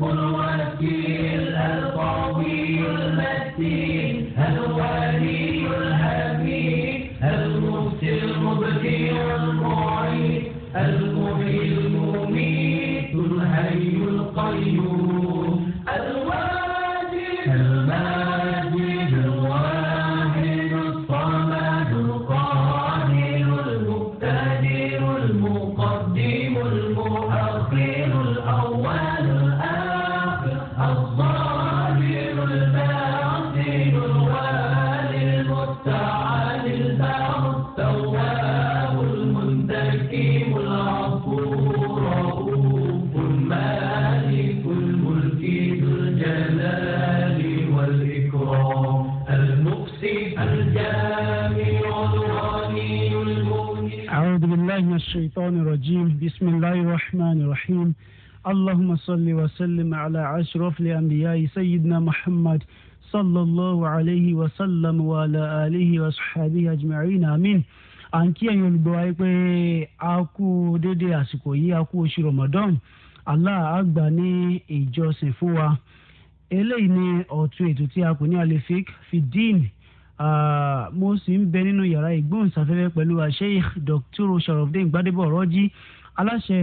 wouldn't wanna be أشرف الأنبياء سيدنا محمد صلى الله عليه وسلم وعلى آله وصحبه أجمعين آمين à ń kí ẹ̀yin olùgbọ́ wa pé a kú déédéé àsìkò yìí a kú oṣù Ramadan Allah á gbà ní ìjọsìn fún wa eléyìí ni ọ̀tún ètò tí a kò ní alefik fidin mo sì ń bẹ nínú yàrá ìgbóhùnsáfẹ́fẹ́ pẹ̀lú Sheikh Dr. Sharafdin Gbadebo Ọ̀rọ̀jì aláṣẹ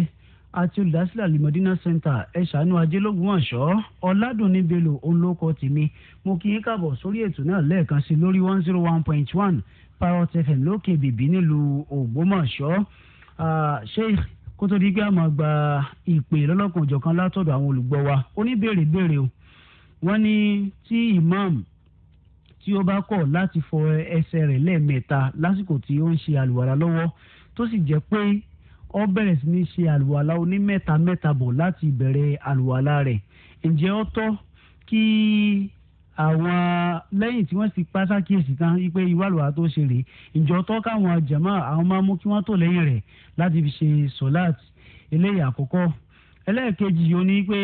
àti olùdásílẹ̀ alimọ̀dínà center ẹ̀ṣánú ajẹ́lógúnmọ̀ṣọ́ ọ̀làdùnní bello olóko tèmi mo kí yín káàbọ̀ sórí ètò náà lẹ́ẹ̀kan sí lórí one zero one point one parrot fm lókè bèbí nílùú ògbómọ̀ṣọ́ sheikh kó tó di pé a máa gba ìpè lọ́lọ́kan òjọ̀kan látọ̀dọ̀ àwọn olùgbọ́ wa oníbèrè béèrè o wọ́n ní tí imam tí ó bá kọ̀ láti fọ ẹsẹ̀ rẹ̀ lẹ́ẹ̀mẹ́ta lásìkò tí ó ń ṣe àlùwàlá lọ́wọ́ tó sì jẹ́ pé ó bẹ̀rẹ̀ sí ní ṣe àlùwàlá oní mẹ́ta mẹ́ta bọ̀ láti ìbẹ̀rẹ̀ àlùwàlá rẹ̀ ǹjẹ́ ó tọ́ kí àwọn lẹ́yìn tí wọ́n ti pa sákìyèsí tán wípé ìwà àlùwàlá tó ṣe rèé ǹjẹ́ ó tọ́ káwọn jàmá àwọn máa mú kí wọ́n tò lẹ́yìn rẹ̀ láti fi ṣe sọ́láàt eléyìí àkọ́kọ́ ẹlẹ́ẹ̀kejì yìí ó ní pé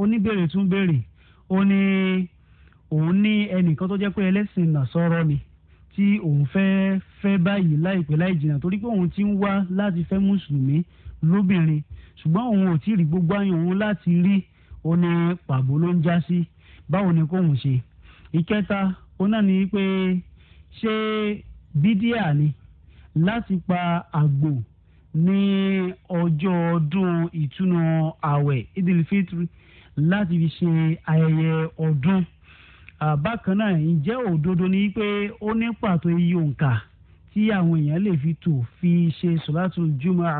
oníbèrè tún béèrè ó ní òun ní ẹnìkan tó jẹ́ pé ẹlẹ́sìn nàṣọ́rọ́ ni tí òun fẹ́ fẹ́ báyìí láìpẹ́ láì jìnnà torí pé òun ti ń wá láti fẹ́ mùsùlùmí lóbìnrin ṣùgbọ́n òun ò tí ì rí gbogbo àyàn òun láti rí ó pàbó ló ń já sí báwo ni kóun ṣe ìkẹta ó náà ní pé ṣé bídíà ni láti pa àgbò ní ọjọ́ ọdún ìtúnu ààwẹ̀ idil fitri láti fi ṣe ayẹyẹ ọdún bákan náà ǹjẹ́ òdodo ni pé ó ní pàtó iye òǹkà tí àwọn èèyàn lè fi tò fi ṣe sọ́látù jùmọ̀à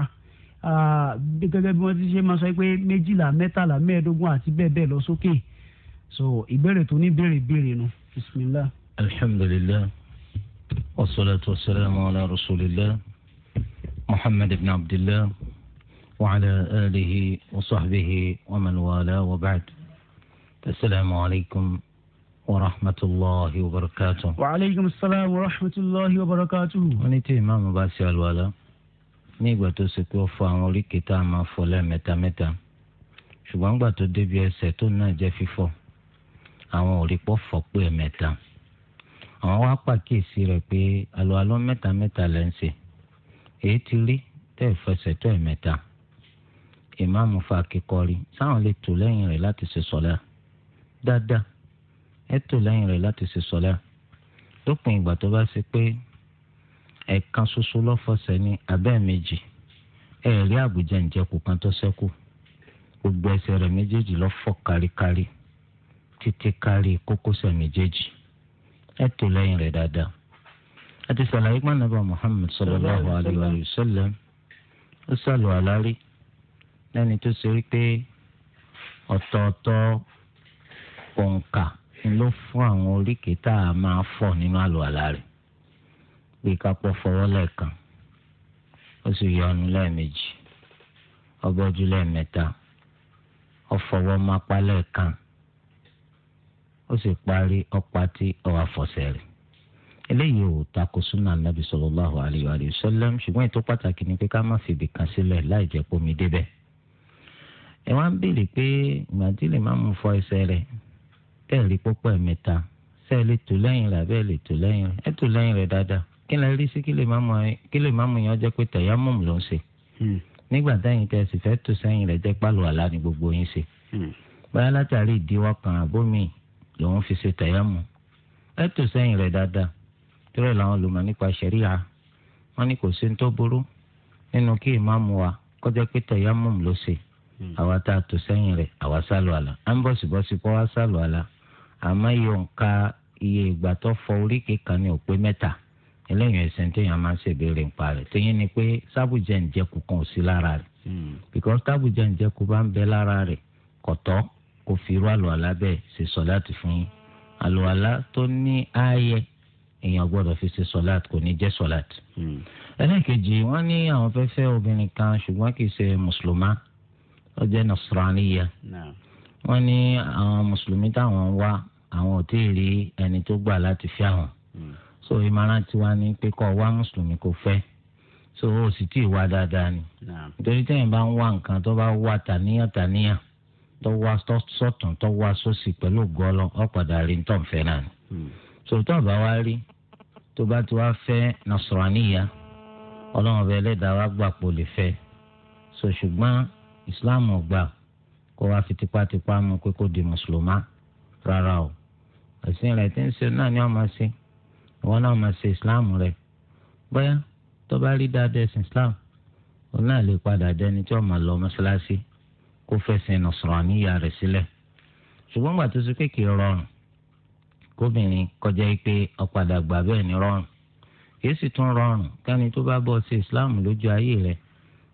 gẹ́gẹ́ bí wọ́n ti ṣe máa sọ pé méjìlá mẹ́tàlá mẹ́ẹ̀ẹ́dógún àti bẹ́ẹ̀ bẹ́ẹ̀ lọ sókè so ìbéèrè tó ní béèrè béèrè nu bisimilá. alhamdulillah wasalaatu wasalaamu ala rasulillah muhammad ibn abdillah wa ala alihi wa sahbihi wa man wala wa ba'd asalaamu alaykum warahmatulahi wabarakatu. wa aleykum salaam wa rahmatulahi wabarakatu. wọ́n ní tí ìmáàmù bá ṣe àlùwàlá ní ìgbà tó ṣe pé ó fọ àwọn oríkèé tá a máa fọ lẹ́ẹ̀mẹ́ta mẹ́ta ṣùgbọ́n nígbà tó débi ẹsẹ̀ tó náà jẹ́ fífọ̀ àwọn òrìpọ̀ fọ pé ẹ̀mẹ́ta àwọn wá pàkíyèsí rẹ̀ pé àlùwàlá mẹ́ta mẹ́ta lẹ́ ń ṣe èyí ti rí tẹ́ ìfẹsẹ̀ tó ẹ̀mẹ́ta ìmáàmù fa akíkọ́rí sáwọn lè tò lẹ́yìn rẹ̀ láti ṣe sọ́lá dáadáa ẹ tò lẹ́yìn rẹ̀ láti ṣe sọ́lá lópin ìgbà tó bá ṣe pé ẹ̀ẹ̀kan ṣoṣo lọ́fọ̀ọ́sẹ̀ ní abẹ́ méjì ẹ̀ẹ̀rí àbújá ìjẹkù kan tó ṣẹ́kù gbogbo ẹsẹ̀ rẹ̀ méjèèjì lọ́fọ̀ káríkárí títí kárí kókósẹ̀ méjèèjì ẹ lẹ́yìn rẹ̀ dáadáa. a sàlàyé pàǹdàbà Muhammad sallallahu alayhi wa sallam ó sàlù àlárí lẹ́ni tó ṣe wípé ọ̀tọ̀ọ̀tọ̀ òǹkà ẹ̀sìn ló fún àwọn oríkèé tá a máa fọ̀ nínú àlùwàlá rẹ̀ pé ká pọ̀ fọwọ́ lẹ́ẹ̀kan ó sì yọnu lẹ́ẹ̀mejì ọgbọ́jú lẹ́ẹ̀mẹ́ta ọfọwọ́ mápá lẹ́ẹ̀kan ó sì parí ọpatí ọ̀àfọ̀sẹ̀ rẹ̀ eléyìí ò takò súnà nàbì sallallahu alayhi wa sallam ṣùgbọ́n ètò pàtàkì ni pé ká má fi ibì kan sílẹ̀ láì jẹ́ pómi débẹ̀ ẹ wá ń béèrè pé ìgbà tí lè má mú fọ ẹsẹ̀ rẹ̀ tẹ̀rí pọ́pọ́ ẹ̀mẹ́ta ṣé ẹ lè tò lẹ́yìn rẹ̀ abẹ́ lè tò lẹ́yìn rẹ̀ ẹ tò lẹ́yìn rẹ̀ dáadáa kí lè rí sí kí lè má mú yẹn jẹ́ pé tẹ̀yámọ̀mù ló ń ṣe hmm. nígbà táyìn tẹ̀ sì fẹ́ tò sẹ́yìn rẹ̀ jẹ́ pálọ̀ àlá ni gbogbo yín ṣe hmm. báyà látàrí ìdíwọ́ kan àbómi lòun fi ṣe tẹ̀yámọ̀ ẹ tò sẹ́yìn rẹ̀ dáadáa tẹ́rẹ̀ làwọn olùmọ̀ nípa ṣẹ̀ríà wa kọjá pé tẹ̀yámọ̀mù ló ṣe hmm. àwa tá a tò sẹ́yìn rẹ̀ àwa sálọ àmọ́ yòǹkà iye ìgbà tó fọ oríkèé kan ní òpé mẹ́ta eléyìí ẹ̀sìn téèyàn máa ń ṣèbéèrè nípa rẹ̀ téèyàn ni pé sábùjẹ́ ǹjẹ́kù kan ò sí lára rẹ̀ hmm. because sábùjẹ́ ǹjẹ́kù bá ń bẹ lára rẹ̀ kọ̀tọ́ kò fi irú àlùwàlá bẹ́ẹ̀ ṣe sọ̀láàtì fún yín àlùwàlá tó ní ààyè èèyàn gbọ́dọ̀ fi ṣe sọ̀láàt kò ní jẹ́ sọ̀láàt. Hmm. ẹlẹ́ẹ̀kejì wọ́n ní àwọn fẹ́ obìnrin kan ṣùgbọ́n kì í ṣe mùsùlùmá ó jẹ́ nasraniya wọ́n ní àwọn mùsùlùmí táwọn ń wá àwọn ò tí ì rí ẹni tó gbà láti fi àwọn hmm. so ìmọ̀ràn tiwa ni pé kó wá mùsùlùmí kó fẹ́ so ó sì tí ì wá dáadáa ni nítorí tẹ́yìn bá ń wá nǹkan tó bá wá tàníyàn tàníyàn tó wá sọ́tún tó wá sósì pẹ̀lú gọ́lọ́ ọ̀padà rí tó ń fẹ́ náà ni hmm. so tó bá wá rí tó bá ti wá fẹ́ nasraniya ọlọ́run ọba ẹlẹ́dàá wa gbà pò lè fẹ́ so ṣùgbọ́n islam gbà kó wá fi tipátipá mú pé kó di mùsùlùmá rárá o ẹ̀sìn rẹ̀ tí ń ṣe náà ni wọ́n máa ṣe ìwọ náà máa ṣe ìsìláàmù rẹ̀ bóyá tó bá rí dáadáa ẹ̀sìn islam òun náà lè padà dẹni tí wọ́n máa lọ mọ́ṣáláṣí kó fẹ̀sìn nọ̀sọ̀ràníyà rẹ̀ sílẹ̀ ṣùgbọ́n gbà tó ṣe kékeré rọrùn kóbìnrin kọjá pé ọ̀padà gbà bẹ́ẹ̀ ni rọrùn kìí sì tún rọrùn kẹ́ni tó bá bọ́ ṣe islam lójú ayé rẹ̀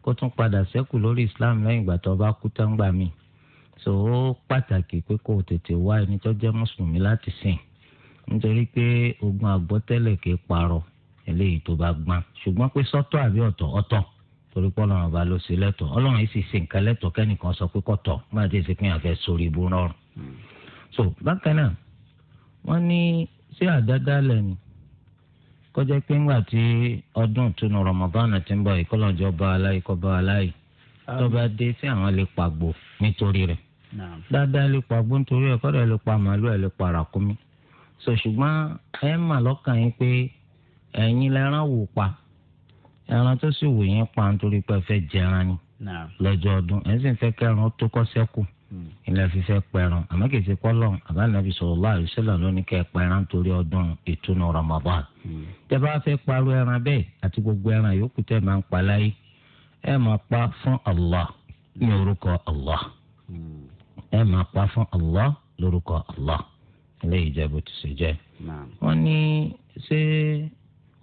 kó tún padà sẹ́kù lórí islam lẹ́yìn ìgbà tó bá kú tán gbà míì so ó pàtàkì pé kó tètè wá ẹni tó jẹ́ mùsùlùmí láti sìn nítorí pé ogun àgbọ́tẹ́lẹ̀ kì í parọ́ eléyìí tó bá gbọ́n ṣùgbọ́n pé sọ́tọ̀ àbí ọ̀tọ̀ ọ̀tọ̀ torí pé ọlọ́run ọba ló ṣe lẹ́tọ̀ ọlọ́run yìí sì ṣe nǹkan lẹ́tọ̀ kẹ́nìkan sọ pé kọ̀tọ̀ máa dé sí pé àfẹ́ sórí ibú rọrùn. so bákan náà wọ́n ní ṣé àdáda lẹ́nu kọjá pé ńgbà tí ọdún ìtúnu Ramadan ti ń bọ̀ ìkọlọ́njọ́ bá aláì kọ́ bá aláì tó bá dé sí àwọn lè pàgbò nítorí rẹ̀. dáadáa lè pa gbó nítorí ẹ̀ kọ́dọ̀ ẹ̀ lè pa màálù ẹ̀ lè pa ràkúnmí sọ ṣùgbọ́n ẹ mà lọ́kàn yín pé ẹ̀yin lẹ́ran wò pa ẹran tó sì wò yín pa nítorí pé ẹ fẹ́ jẹran ni lọ́jọ́ ọdún ẹ̀ sì ń fẹ́ kẹran tó kọ́ sẹ́kù hmm. ilẹ̀ fífẹ́ pẹran àmọ́ kì í ṣe pọ́lọ́n kẹ́ hmm. fún Allah ní orúkọ Allah hmm. ẹ máa pa fún Allah lórúkọ Allah eléyìí jẹ́ bó ti ṣe jẹ́. wọ́n ní ṣé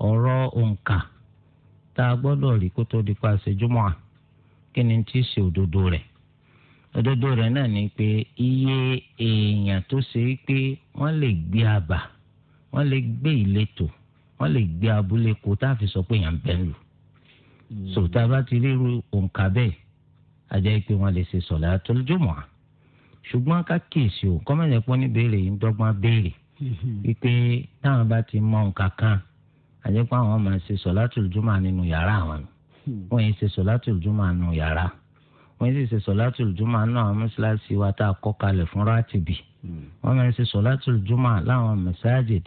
ọ̀rọ̀ òǹkà tá a gbọ́dọ̀ rí kó tó di pa ṣèjúmọ́ à kí ni tí í ṣe òdodo rẹ̀ òdodo rẹ̀ náà ni pé iye èèyàn tó ṣe é pé wọ́n lè gbé àbà wọ́n lè gbé ìletò wọ́n lè gbé abúlé kó tá a fi sọ pé èèyàn bẹ́ẹ̀ lù sòtá bá ti rí irú òǹkà bẹ́ẹ̀ a jẹ́ pé wọ́n lè ṣe sọ̀látùl jumu'ah ṣùgbọ́n ká kíyèsí o kọ́mẹ̀lẹ́ pọ́n ní béèrè yìí ń dọ́gbọ́n béèrè wípé táwọn bá ti mọ nǹkan kan àjẹpọ̀ àwọn máa ṣe sọ̀látùl júmà nínú yàrá àwọn wọ́n yìí ṣe sọ̀látùl júmà nínú yàrá wọ́n sì ṣe sọ̀látùl júmà náà àwọn mọ́ṣáláṣí wa tá a kọ́ kalẹ̀ fún rátìbì wọ́n máa ń ṣe sọ̀látùl júmà láwọn masajid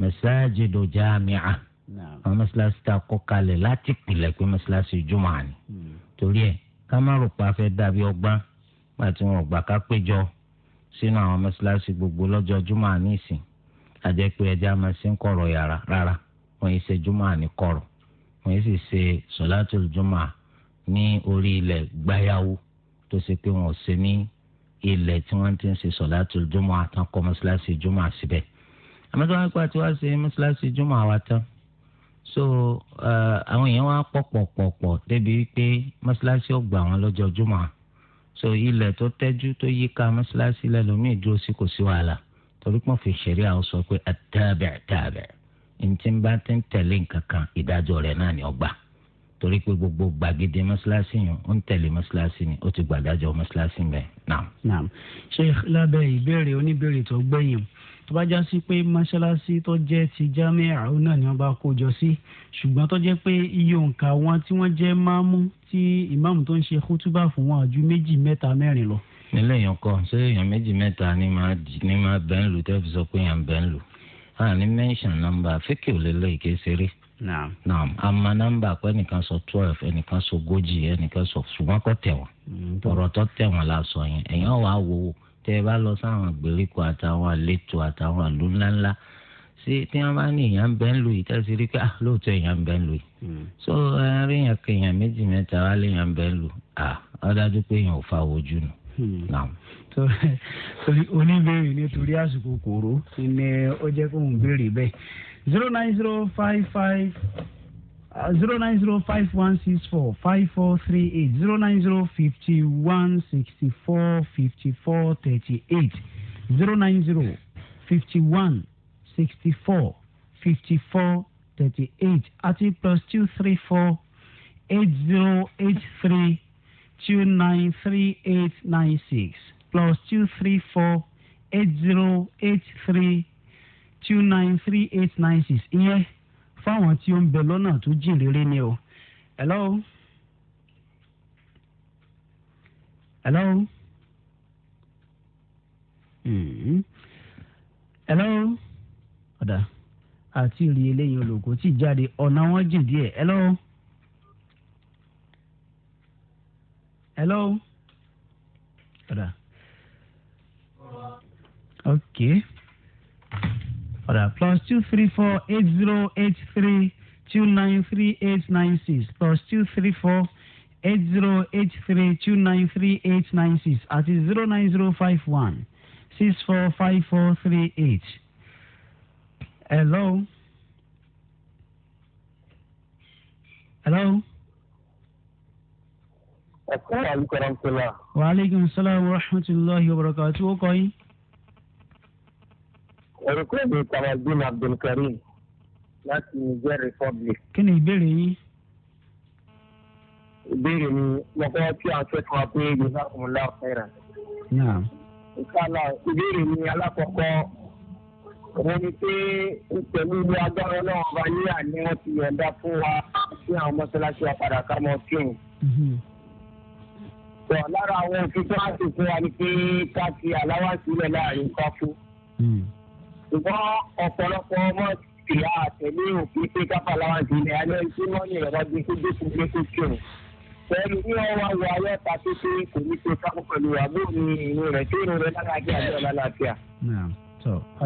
masajid jami'a àwọn mọ́ṣáláṣí tá a kọ́ kalẹ̀ láti pìlẹ̀ pé mọ́ṣáláṣí júmà ni torí ẹ̀ ká má rò pa fẹ́ dàbí ọgbọ́n nígbà tí wọn ò gbà ká péjọ sínú àwọn mọ́ṣáláṣí gbogbo lọ́jọ́ júmọ́ àní ìsìn àjẹ́ pé ẹja máa ṣe ń kọ̀rọ̀ yàrá rárá wọ́n yìí ṣe júmọ́ àní kọ̀rọ̀ wọ́n yìí sì ṣe sọ̀látò júmọ́ ní orí ilẹ̀ gbáyàwó tó ṣe pé wọn ò ṣe ní ilẹ̀ tí wọ́n ti ń ṣe sọ̀látò júmọ́ àtàn kọ́ mọ́ṣáláṣí júmọ́ síbẹ̀ àmọ́tí wọ́n á pa so eh, àwọn èèyàn wá pọ̀ pọ̀ pọ̀ pọ̀ débi wípé mọ́ṣáláṣí ọ̀gbà so ilẹ̀ tó tẹ́jú tó yíká mọ́ṣáláṣí lẹ́lòmíì dúró sí kò sí wàhálà torí pọ́n fi ṣẹ̀rí àwọn sọ pé àtàbẹ̀ àtàbẹ̀ ntí bá ti ń tẹ̀lé nǹkan kan ìdájọ́ rẹ̀ náà ni ọgbà torí pé gbogbo gbàgede mọ́ṣáláṣí yẹn ó ń tẹ̀lé mọ́ṣáláṣí ni ó ti gbàdájọ́ mọ́ṣáláṣí bẹ́ẹ̀ náà. naam sheikh lábẹ́ ìbéèrè oníbéèrè tó gbẹ̀yìn tó bá já sí pé mọ́ṣáláṣí tó jẹ́ ti jámẹ́ àrùn náà ni wọ́n bá kó jọ sí ṣùgbọ́n tó jẹ́ pé iye òǹkà wọn tí wọ́n jẹ́ máàmú tí ìmáàmù tó ń ṣe kútúbà fún wọn ju méjì mẹ́ta mẹ́rin lọ. nílẹ̀ èèyàn kọ ṣé èèyàn méjì mẹ́ta ni máa ni máa bẹ́ẹ̀ ń lù tẹ́ fi sọ pé èèyàn bẹ́ẹ̀ ń lù àní mẹ́ńṣàn nọ́mbà fíkì ò lè lọ ìkéṣeré naam naam ama namba pé ẹnìkan sọ twelve ẹnìkan sọ ogójì ẹnìkan sọ ṣùgbọ́n kò tẹ̀wọ̀n mm, ọ̀rọ̀ tó tẹ̀wọ̀n la sọ yẹn ẹ̀yàn wà á wo tẹ ẹ bá lọ sáwọn àgbèríko àtàwọn àlétò àtàwọn àlù ńláńlá sí tí wọn bá ní èèyàn bẹ ń lò yìí tẹsí rí pé ah lóòótọ́ èèyàn bẹ ń lò yìí hmm. so ẹrí yẹn kan èèyàn méjì mẹ́ta wá léèyàn bẹ ń lò ah ọdájú pé èèyàn ò fa ojú nù. Hmm. oníbèrè nítorí àsìkò kòró ni ó jẹ́ kóun béèrè bẹ́ẹ̀ zero nine zero five five zero nine zero five one six four five four three eight zero nine zero fifty one sixty four fifty four thirty eight zero nine zero fifty one sixty four fifty four thirty eight àti plus two three four eight zero eight three two nine three eight nine six plus two three four eight zero eight three two nine three eight nine six yeah fáwọn tí ó ń bẹ lọ́nà tó jìn rere ni o. hello. hello. Mm. hello. ọ̀dà àti rí eléyìí olùkó tí jáde ọ̀nà wọn jìn díẹ̀ hello. hello. ọ̀dà. ok. ọ̀rà plus two three four eight zero eight three two nine three eight nine six plus two three four eight zero eight three two nine three eight nine six àti zero nine zero five one six four five four three eight. hello. hello. Assalamu alaikum warahmatullahi wabarakatuh. ó orúkọ mi kamaldeen abdulkareem láti niger republic. kí ni ìbéèrè yín. ìbéèrè mi mo fẹ́ kí akẹ́kọ̀ọ́ pé yorùbá kò mú láwọn fẹ́ràn. ìkàlà ìbéèrè mi alákọ̀ọ́kọ́ òun ni pé pẹ̀lú ilé agbára náà ọba yíyà ni wọ́n ti yọ̀ǹda fún wa sí àwọn mọ́ṣáláṣí apàdà kámọ́ kíhùn. Mm-hmm. sọ lára àwọn òfin tó wá sí fún wa ni pé ká fi àláwá sílẹ̀ láàrin kọ́fù ṣùgbọ́n ọ̀pọ̀lọpọ̀ ọmọ ìyá àtẹ̀lé òbí pé káfà láwọn ti ilẹ̀ alẹ́ tí wọ́n ní ìrọ̀lá gbé tó dé fún gbé tó kírun. pẹ̀lú ní ọwọ́ wọ ayé ọ̀tá tó ṣe kò ní ṣe kápọ̀ pẹ̀lú àbó mi ìrù rẹ̀ tó ìrù rẹ̀ lálàáfíà àbí ọ̀lá láàfíà.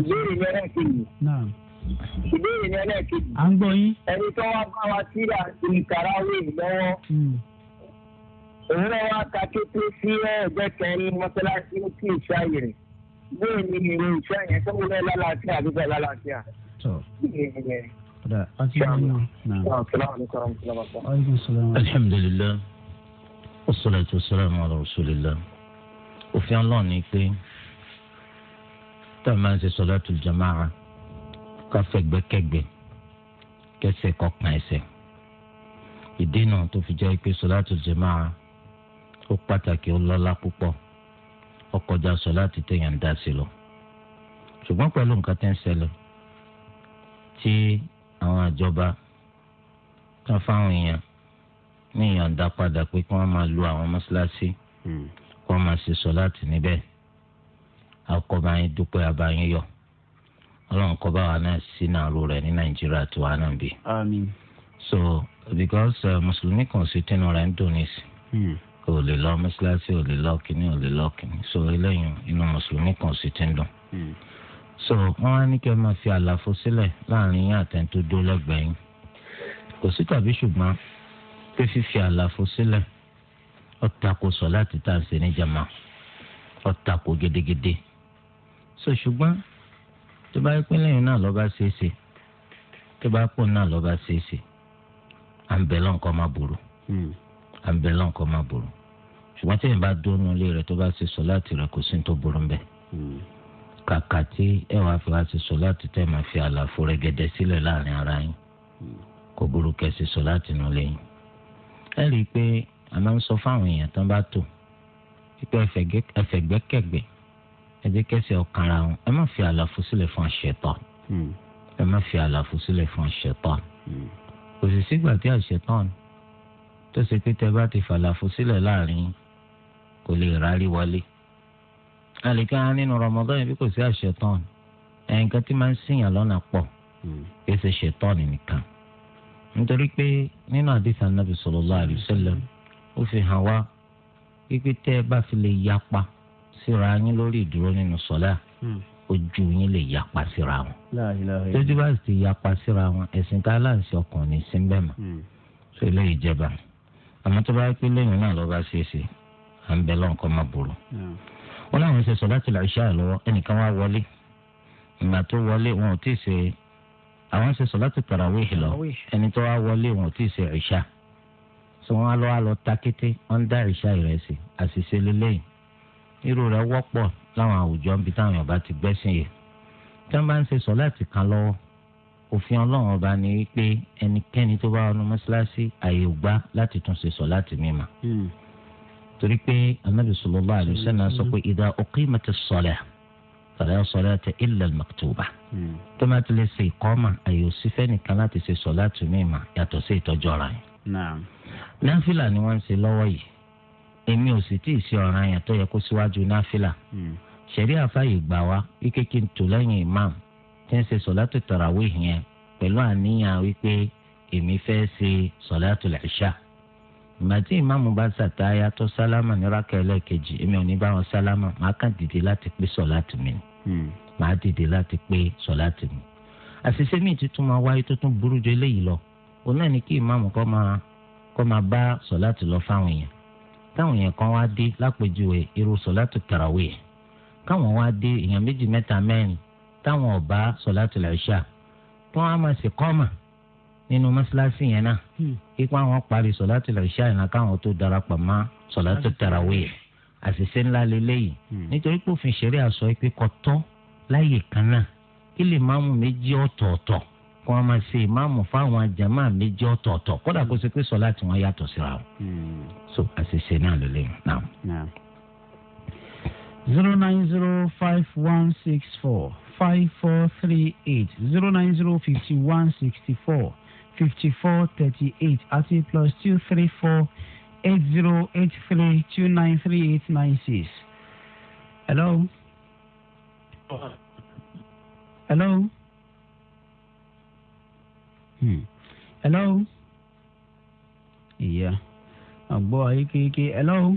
ìbéèrè ní ẹlẹ́ẹ̀kejì. ìbéèrè ní ẹlẹ́ẹ̀kejì. à ń gbọ́ yín. ẹni tó wá bá wa síra ìkàràwé lọ́wọ́ hmm. òun náà wá ka kété sí ẹ̀ẹ́dẹ́kẹ̀rin mọ́ṣáláṣí kí ìṣ bóyá ni èrò ìfẹ́ yẹn tó wọlé lálàáfíà àdúgbò lálàáfíà. alhamdulilayi wasalaatu wasalaamu ala rasulillah òfin ọlọ́run ni pé tá a máa ń ṣe sọláàtù jamaa ká fẹ̀gbẹ́kẹ̀gbẹ́ kẹsẹ̀ kọkàn ẹsẹ̀ ìdí náà tó fi jẹ́ pé sọláàtù jamaa ó pàtàkì ó lọ́lá púpọ̀ ọkọjá sọ láti téèyàn dá sí lọ ṣùgbọ́n pẹ̀lú nǹkan tẹ́ ń ṣẹlẹ̀ tí àwọn àjọba tán fáwọn èèyàn ní ìyọ̀ǹda padà pé kí wọ́n máa lu àwọn mọ́ṣáláṣí hmm. kí wọ́n máa ṣe sọ láti níbẹ̀ akọba yín dúpẹ́ abayín yọ ọlọ́run kọ́ bá wa náà sí nàárò rẹ̀ ní nàìjíríà tí wàá náà bí. so because uh, mùsùlùmí kan sí tẹnu rẹ̀ ń dùn nísì. Hmm. O lè lọ mọ́ṣáláṣí ò lè lọ kínní ò lè lọ kínní so eléyìí inú mùsùlùmí kan sì ti ń dùn. Hmm. so wọ́n á ní kí ẹ máa fi àlàfo sílẹ̀ láàrin yín àtẹ̀ tó dó lẹ́gbẹ̀ẹ́ yín kò sí tàbí ṣùgbọ́n pé fífi àlàfo sílẹ̀ ó tako sọ̀láàtì tá à ń ṣe ní jama ó tako gedegede so ṣùgbọ́n tó bá yẹ pé lẹ́yìn náà lọ́ba ṣeéṣe tó bá pọ̀ náà lọ́ba ṣeéṣe à ń bẹ̀ lọ́nkọ́ máa burú. Hmm àbẹ̀lẹ̀ nǹkan máa burú ṣùgbọ́n tí èèyàn bá dónú ilé rẹ̀ tó bá ṣe sọ láti rẹ̀ kò sí ní tó burú bẹ́ẹ̀ hmm. kàkà tí ẹ wàá fi wá ṣe sọ láti tẹ̀ máa fi àlàfo rẹ̀ gẹ̀dẹ̀ sílẹ̀ láàrin ara yín hmm. kò burú kẹ́ ṣe sọ láti nù lẹ́yìn ẹ rí i pé a máa ń sọ fáwọn èèyàn tán bá tò pípẹ́ ẹ̀fẹ̀gbẹ́kẹ̀gbẹ́ ẹ jẹ́ kẹ́sì ọkàn ara wọn ẹ má fi àlàfo sílẹ̀ fún àṣetọ́ hmm. ẹ má fi àlàfo sílẹ̀ fún àṣetọ́ kò sì tí àṣetọ́ ni tó ṣe pé tẹ bá ti fàlàfo sílẹ̀ láàrin kò lè rárí wọlé. àlìká nínú Ramadan bí kò sí àṣetán nǹkan tí máa ń sìyàn lọ́nà pọ̀ hmm. kì í ṣe ṣetán nìkan. nítorí pé nínú àdìsá nàbì sallallahu alaihi wasallam ó fi hàn wá pípé tẹ́ ẹ bá fi lè yapa síra yín lórí ìdúró nínú sọ́lá hmm. ojú yín lè yapa síra wọn. tójú bá sì ti yapa síra wọn ẹ̀sìn ká láǹṣẹ́ ọkàn ní sínbẹ̀mọ̀ hmm. sọ eléyìí jẹba. Mm àmọ́ tó bá pé lẹ́yìn náà lọ́ba ṣeéṣe à ń bẹ lọ́nkọ́ má burú. wọn láwọn ṣe sọ̀láàtì ìṣáà lọ́wọ́ ẹnìkan wá wọlé ìgbà tó wọlé wọn ò tí ì ṣe àwọn ṣe sọ̀láàtì tàràwíhì lọ ẹni tó wá wọlé wọn ò tí ì ṣe ìṣáà sọ wọn lọ́wọ́ lọ ta kété wọn ń dá ìṣáà rẹ̀ sí àṣìṣe lélẹ́yìn irú rẹ̀ wọ́pọ̀ láwọn àwùjọ ibi táwọn Yorùbá ti gbẹ́sìn yìí tí wọ́n bá ń ṣe sọ̀láàtì kan lọ́wọ́ òfin ọlọ́run ọba ni wípé ẹnikẹ́ni tó bá wọnú mọ́ṣáláṣí àyè ò gbà láti tún ṣe sọ láti mímọ́. Hmm. torí pé anabi sallallahu alaihi wasallam sọ pé idha uqimatis salah fala salata illa al-maktuba. Hmm. tó máa ti lè ṣe ìkọ́mà àyè ò sí fẹ́nìkan láti ṣe sọ láti mímọ́ yàtọ̀ sí ìtọ́jú ọ̀rá yẹn. náfìlà ni wọ́n ń ṣe lọ́wọ́ yìí èmi ò sì tí ì ṣe ọ̀ràn yẹn yẹ kó síwájú náfìlà. Hmm. ṣẹ̀rí àfáàyè gbà wá kíkékí ń tò lẹ́yìn ìmáàmù tí ń ṣe sọ̀látù tarawih yẹn pẹ̀lú àníyàn wípé èmi fẹ́ ṣe sọ̀látù ìṣà ìgbà tí ìmáàmù bá ṣàtáyà tó sálámà ní rákà ẹlẹ́ẹ̀kejì èmi ò ní bá wọn sálámà màá kàn dìde láti pé sọ̀látù mi hmm. màá dìde láti pé sọ̀látù mi àṣìṣe míì tuntun máa wáyé tó tún burú ju eléyìí lọ òun náà ni kí ìmáàmù kọ́ máa kọ́ máa bá sọ̀látù lọ fáwọn èèyàn táwọn èèyàn kan wá dé lápèjúwe irú sọ̀látù tarawih káwọn wá dé èèyàn méjì mẹ́ta mẹ́rin táwọn ọba sọ̀látùl ìṣà kí wọ́n á máa ṣe kọ́mà nínú mọ́ṣáláṣí yẹn náà kíkọ́ hmm. àwọn parí sọ̀látùl ìṣà yẹn náà káwọn tó darapọ̀ mọ́ sọ̀látù tarawih àṣìṣe ńlá lélẹ́yìí hmm. nítorí pé òfin ṣeré àṣọ pé kọ́tọ́ láyè kan náà kí lè máa mú méjì ọ̀tọ̀ọ̀tọ̀ kó wọn máa ṣe ìmáàmù fáwọn àjàmá méjì ọ̀tọ̀ọ̀tọ̀ kódà kó ṣe pé sọ̀látù wọn yàtọ̀ síra o hmm. so àṣìṣe náà lélẹ́yìn náà. zero nine zero five one six four five four three eight zero nine zero fifty one sixty four fifty four thirty eight àti plus two three four eight zero eight three two nine three eight nine six. hello. hello. Hmm. hello. ìyá àgbọ̀ ayé kéékèé hello.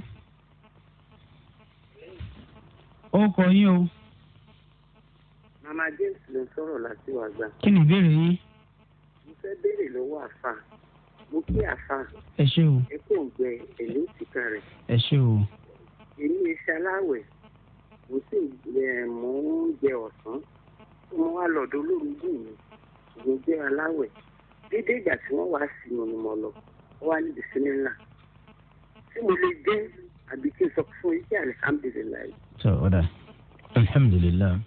Oh, kọ you? mama james ló ń sọ̀rọ̀ láti wà gbà. kí ni ìbéèrè yín. mo fẹ́ béèrè lọ́wọ́ àfa mo kí àfa. ẹ ṣé o. ẹ kò gbẹ ẹ̀lú òtítà rẹ̀. ẹ ṣé o. èmi iṣẹ́ aláwẹ̀ mo sì mò ń jẹ ọ̀sán tó mo wá lọ́dọ̀ olórúkú mi mo jẹ́ aláwẹ̀ dédé ìgbà tí wọ́n wá sí mi ni mo lọ wọ́n wá níbi sí nílà tí mo lè jẹ́ àbí kí n sọ fún iṣẹ́ alhamdulilayi. sọ ọ̀dà alhamdulilayi.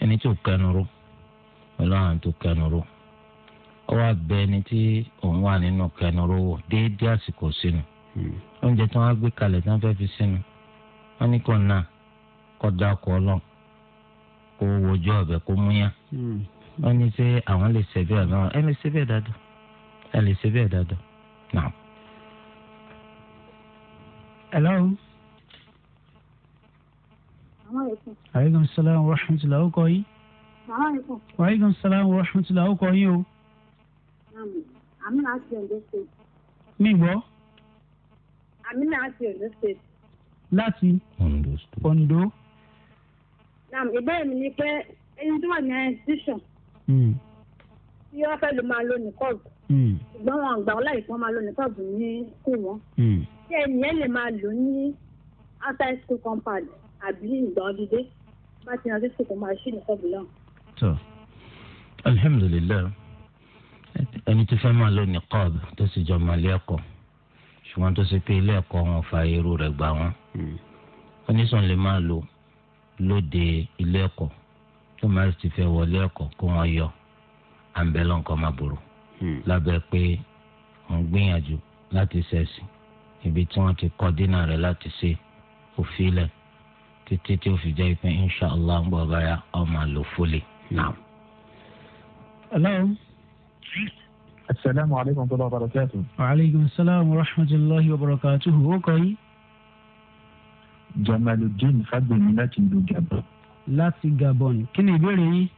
ẹni tó àwọn tó ó wá bẹ ẹni tí òun wà nínú kẹnuró wò déédéé àsìkò sínú hmm. oúnjẹ tí wọ́n gbé tí fi sínú wọn ní kò náà kó dákọ Ọlọ́run kó wojú kó hmm. wọ́n ní sẹ àwọn lè ẹ lè asalaamualeykum. aleykum salaam wa rahmatulah ó kọ yín. salaamaleykum. wa aleykum salaam wa rahmatulah ó kọ yín o. amina ati ondo state. mi gbọ́. amina ati ondo state. láti. ondo state. ondo. naam ìbéèrè mi ni pé ẹni tó wà ní institution. Hmm. tí wọ́n fẹ́ ló máa lo nìkọ́ọ̀bù. Hmm. ṣùgbọ́n wọn àgbà ọláyìí kan máa lo nìkọ́ọ̀bù ní kú wọn. tí hmm. ẹnìyẹn lè máa lò ní outside school compound àbí ìgbà ọdídé bá ti hàn sísè kó máa ṣí ní sọ́ọ̀bù náà. tó alhamdulilayi ẹni tí fẹ́ máa lọ ní cob tó sì jọ máa lé ẹ̀kọ́ ṣùgbọ́n tó ṣe pé ilé ẹ̀kọ́ wọn fa irú rẹ̀ gbà wọ́n hmm. oníṣàn lè máa lò lóde ilé ẹ̀kọ́ tó máa ti fẹ́ wọlé ẹ̀kọ́ kó wọ́n yọ àǹbẹ̀lọ́ nǹkan máa burú hmm. lábẹ́ pé wọ́n gbìyànjú láti ṣẹ̀sìn ibi tí wọ́n ti kọ́ dínà rẹ̀ láti ṣe òfin títí tí ó fi jẹ́ ìpín insha allah ń bọ̀ báyà ọmọ lò fúlẹ̀ náà. hello. asalaamu alaykum wa rahmatulahi wa barakatuhu. wa aleykum salaam wa rahmatulahi wa barakatuhu. ó kọ́ yìí. jamaludin fagbemi láti ìlú gabon. láti gabon kí ni ìbéèrè yín.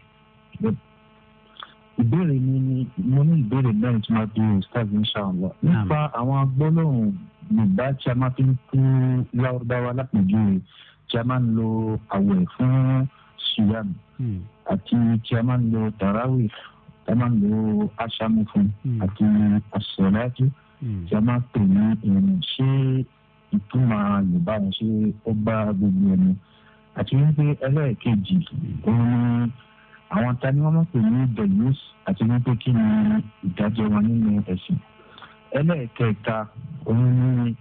ìbéèrè mi ni mo ní ìbéèrè náà tí wọ́n bí ustaz insha allah. nípa àwọn gbólóhùn yorùbá tí a máa fi kú lárúbáwá lápèjúwe tí a máa lo àwẹ̀ fún siyam ati tí a máa ń lo tarawih tí a máa ń lo aṣáájú fún ati àṣọláàtú tí a máa ń pè ní ìrìn ṣé ìtumọ̀ yorùbá yẹn ṣé ó bá gbogbo ẹni àti wípé ẹlẹ́ẹ̀kejì hmm. òun ni àwọn ta pè ní bẹ̀lúùs àti wípé kí ni ìdájọ́ wọn nínú ẹ̀sìn ẹlẹ́ẹ̀kẹta òun ni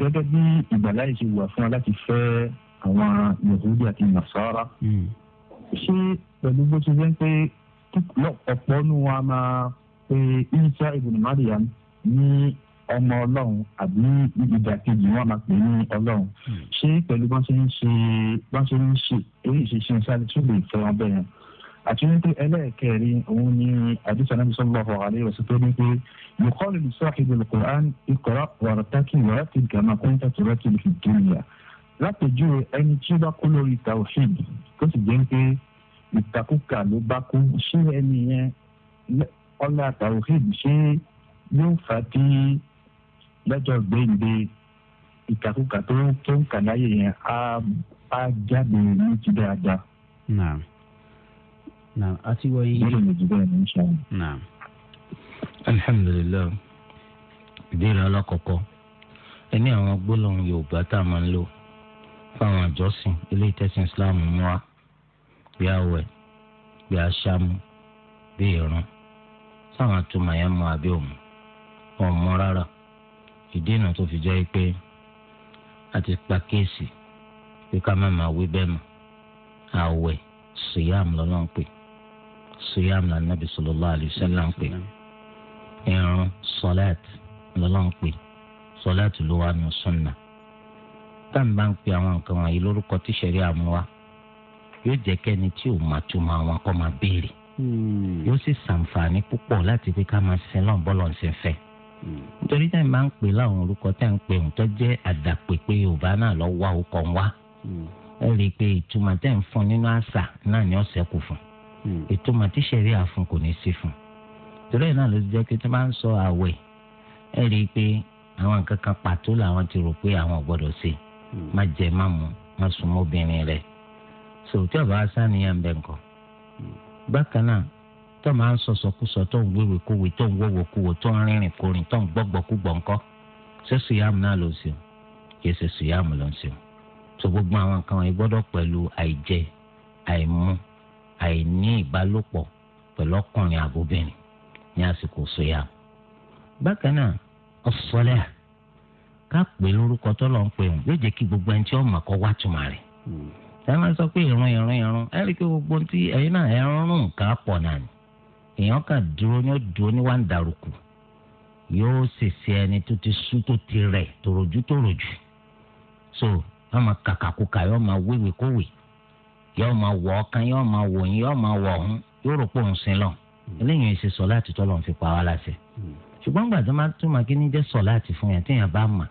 gẹ́gẹ́ bí ìgbàláyè ṣe wà fún wa láti fẹ́ àwọn yahudi àti nasara hmm. ṣé pẹ̀lú bó ṣe jẹ́ pé ọ̀pọ̀ nu wa máa pe isa ibn mariam ní ọmọ ọlọ́run àbí ìdàkejì wọn máa pè ní ọlọ́run hmm. ṣé pẹ̀lú bá ṣe ń ṣe bá ṣe ń ṣe eré ìṣesí ṣáà tó lè fẹ́ wọn bẹ́ẹ̀ yẹn àti wípé ẹlẹ́ẹ̀kẹrin òun ni àdìsọ náà sọ lọ́wọ́ àlẹ́ ìwọ̀sùn tó ní pé yòókọ́lù lè sọ àkìdì alukur'an ikọ̀rọ̀ wàrọ̀tàkì wàrọ̀tì gàmà kọ́ńtà tòrọ̀tì lè fi dúnìyà látọ̀júwe ẹni tí ó bá kú lórí tawhid tó sì jẹ́ pé ìtakùkà ló bá kú ṣé ẹni yẹn ọlá tawhid ṣé yóò fà á tí lọ́jọ́ gbẹ̀ǹde ìtakùkà tó ń kà láyé yẹn á jáde ní ti dáadáa naam àti wọ̀nyí. wọ́n lè mú jù bẹ́ẹ̀ ní sọ. naam alhamdulilayi ìbéèrè alákọ̀ọ́kọ́ ẹni àwọn gbólóhùn yorùbá tá a máa ń lò fáwọn àjọsìn ilé ìtẹ̀sìn islam mú wa bí awẹ bí aṣáàmù bí ìran sáwọn àtúmọ̀ yẹn mú abẹ́ òun wọn mọ rárá ìdí ìnà tó fi jẹ́ pé a ti pa kéèsì pé ká má máa wí bẹ́ẹ̀ mọ́ àwẹ̀ síyàm lọ́nà ń siyam anabi sallallahu alayhi wa sallam pé irun sọlẹt lọlọrun pé sọlẹt ló wà ní sunna táwọn bá ń pe àwọn nǹkan wọ̀nyí lórúkọ tí sẹrí àmúwa yóò jẹ́ kẹ́ni tí ò máa túmọ̀ àwọn kọ máa béèrè hmm. yóò sì ṣàǹfààní púpọ̀ láti pé ká máa sin náà bọ́lọ̀ ń sin fẹ́ hmm. nítorí táwọn bá ń pè láwọn orúkọ tá à ń pè òǹtọ́ jẹ́ àdàpè pé yorùbá náà lọ́ wá okọ̀ ń wá hmm. ẹ rí i pé ìtumọ̀ tẹ́ ń fún nínú àṣà náà ni ọ̀sẹ̀ kù fún un ètò hmm. màtíṣẹ̀rí àfun kò ní í sí fún torí ẹ̀ náà ló ti jẹ́ pé tí wọ́n bá ń sọ àwẹ̀ ẹ̀ rí i pé àwọn nǹkan kan pàtó làwọn ti rò pé àwọn gbọ́dọ̀ ṣe hmm. má jẹ má mu má sùn mọ́ obìnrin rẹ̀ so tí ọba sànìyàn bẹ̀ nǹkan bákan náà tó máa ń sọ̀sọ̀kúsọ tó ń wéwèé kówé tó ń wọ́wọ́ kúwò tó ń rìnrìn kórìn tó ń gbọ́gbọ́kúgbọ̀ nǹkan ṣé sùyàmù náà ló ń ṣe kìí ṣe sùyàmù ló ń ṣe so gbogbo àwọn nǹkan wọ̀nyí gbọ́dọ̀ pẹ̀lú àìjẹ àìmu àìní ìbálòpọ̀ pẹ̀lú ọkùnrin àbóbìnrin ní àsìkò sóyà. bákan náà ọ̀sọ́lẹ̀ ká pè lórúkọ tó lọ́n pè wọ́n yóò jẹ́ kí gbogbo ẹni tí ọmọ kọ́ wá tùmọ̀ rẹ̀. ẹ hmm. máa sọ pé ìrún ìrún ìrún ẹ rí i pé gbogbo ti ẹ̀yin náà ẹ rún ká pọ̀ ni èèyàn kà dúró ní ní darúkú yóò ṣèṣe ẹni tó ti sú tó ti rẹ̀ tòròjú tòròjú so yóò máa kàkàkùkà yóò máa yóò máa wọ ọkàn yóò máa wọ yín yóò máa wọ ọ̀hún yóò rò pé òun sin lọ hmm. eléyìí ò ṣe sọ láti tọ́lọ̀ fi pa wá láṣẹ. Hmm. ṣùgbọ́n gbà tó máa tún máa kí ní jẹ́ sọ láti fún yẹn téèyàn bá mà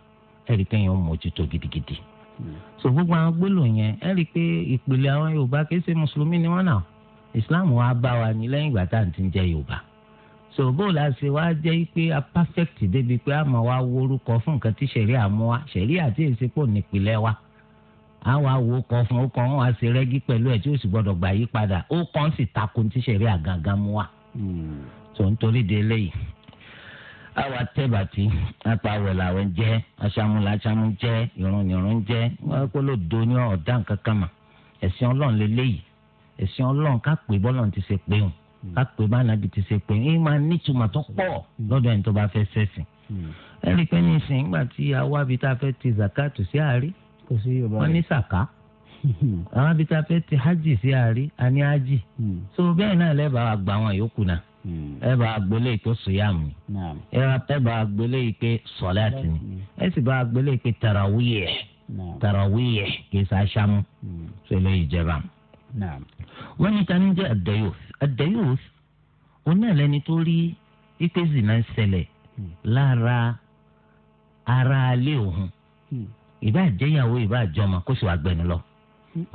ẹ rí i pé yẹn ò mójútó gidigidi. Hmm. sọ gbogbo yẹn ẹ rí i pé ìpìlẹ̀ àwọn yorùbá kì í ṣe mùsùlùmí ni wọ́n nà islam wa bá wa ní lẹ́yìn ìgbà tá à ń ti jẹ́ yorùbá. sọ bó la ṣe wá jẹ́ pé a perfect débi pé a máa wá wo fún nǹkan tí ṣẹ̀rí àmú wa ṣẹ̀rí àti èsèpò nípìnlẹ̀ wa àwọn àwo kan fún ọkàn wọn wá sí rẹ́gí pẹ̀lú ẹ̀ tí ó sì gbọ́dọ̀ gbà yí padà ó kàn sì takun tí sẹ̀rí àgàngàn mú wa. tó ń torí de eléyìí àwa tẹ́bàtì apàwẹ̀ làwọn jẹ́ aṣamúlẹ̀ aṣamú jẹ́ ìrùnnìrún jẹ́ wọ́n kó ló do ní ọ̀dà nǹkan kan mà ẹ̀sìn ọlọ́run lélẹ́yìí ẹ̀sìn ọlọ́run ká pè bọ́lọ́run ti ṣe pé òun hmm. ká pè bánàbí ti ṣe pé òun máa nítumọ̀ tó pọ̀ hmm. Hmm. lọ́dọ̀ ẹni tó bá fẹ́ sẹ́sìn. ẹ̀rí pé ní ìsìn tí awábi tá fẹ́ ti zakatu sí àárín kò sí yorùbá rẹ. ní sàká àwọn abita ti hajj sí àárí àní hajj hmm. so bẹ́ẹ̀ náà lẹ́bàá àgbà àwọn yòókù náà ẹ agbélé tó sùyàmù ẹ bá agbélé pé sọláàtì ni ẹ agbélé ike tarawiyẹ tarawiyẹ kìí sàṣàmù hmm. sọlẹ ìjẹba. wọ́n ní tani jẹ́ adayos adayos onílẹ̀ni tó rí ike zina ṣẹlẹ̀ hmm. lára ara ìbá àjẹyàwó ìbá àjọmọ kó sì wàá gbẹnu lọ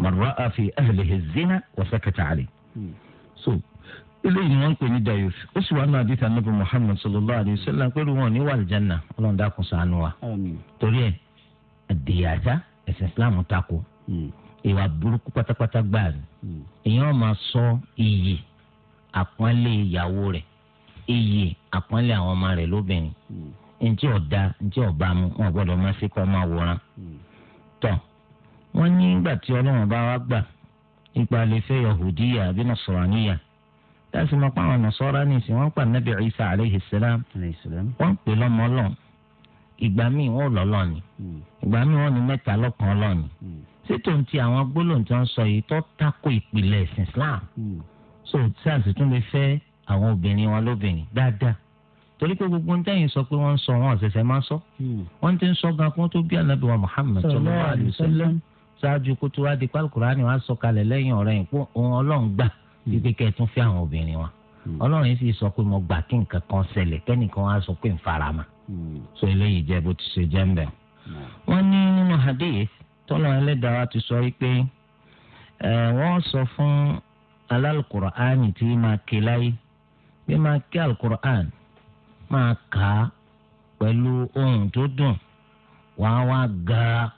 mọ̀rọ̀ àfi ahlihi zina wa sakata so eléyìí ni wọ́n ń pè ní dayus ó sì wàá nù àdìsí anábì muhammed sallallahu alayhi wa sallam pẹ̀lú wọn ní wàlìjánà ọlọ́run dákun ṣàánú wa. torí ẹ àdìyàtá ẹ̀sìn islam tako hmm. ìwà burúkú pátápátá gbáà ni hmm. èèyàn máa sọ iyì àpọ́nlé ìyàwó rẹ̀ iyì àpọ́nlé àwọn ọmọ rẹ̀ lóbìnrin ntí hmm. ọ̀dà ntí ọ̀bàmu wọn gbọ́dọ̀ máa ṣe kọ́ máa wòran tọ̀ wọ́n ní ìgbà tí ọlọ́run bá wá gbà ipa lè fẹ́ yahudiya àbí nasaraniya láti mọ̀ pé àwọn nasara ní ìsìn wọ́n pa nabi isa aleyhi salam wọ́n pè lọ́mọ ọlọ́run ìgbà míì wọ́n lọ́ lọ́ni hmm. ìgbà míì wọ́n ní mẹ́ta lọ́kàn lọ́ni sítò hmm. ń ti àwọn gbólóhùn tó ń sọ yìí tó tako ìpìlẹ̀ ẹ̀sìn islam hmm. so sáà sì tún lè fẹ́ àwọn obìnrin wọn lóbìnrin dáadáa torí pé gbogbo ń tẹ̀yìn sọ pé wọ́n ń sọ wọn ọ̀sẹ̀sẹ̀ máa ń sọ hmm. wọ́n ti ń sọ gan kó tó bí anabi wa Muhammad sallallahu alaihi wasallam ṣáájú kó tó wá di pálukùránì wá sọ kalẹ̀ lẹ́yìn ọ̀rẹ́ yìí pé òun ọlọ́run gbà hmm. wípé kẹ́ ẹ tún fẹ́ àwọn obìnrin wa hmm. ọlọ́run yìí sì sọ pé mo gbà kí nǹkan kan ṣẹlẹ̀ kẹ́nìkan wá sọ pé ń farama so eléyìí jẹ́ bó ti ṣe jẹ́ ń bẹ̀. wọ́n ní nínú hadith tọ́lọ́ máa kà á pẹ̀lú ohùn tó dùn wàá wá ga.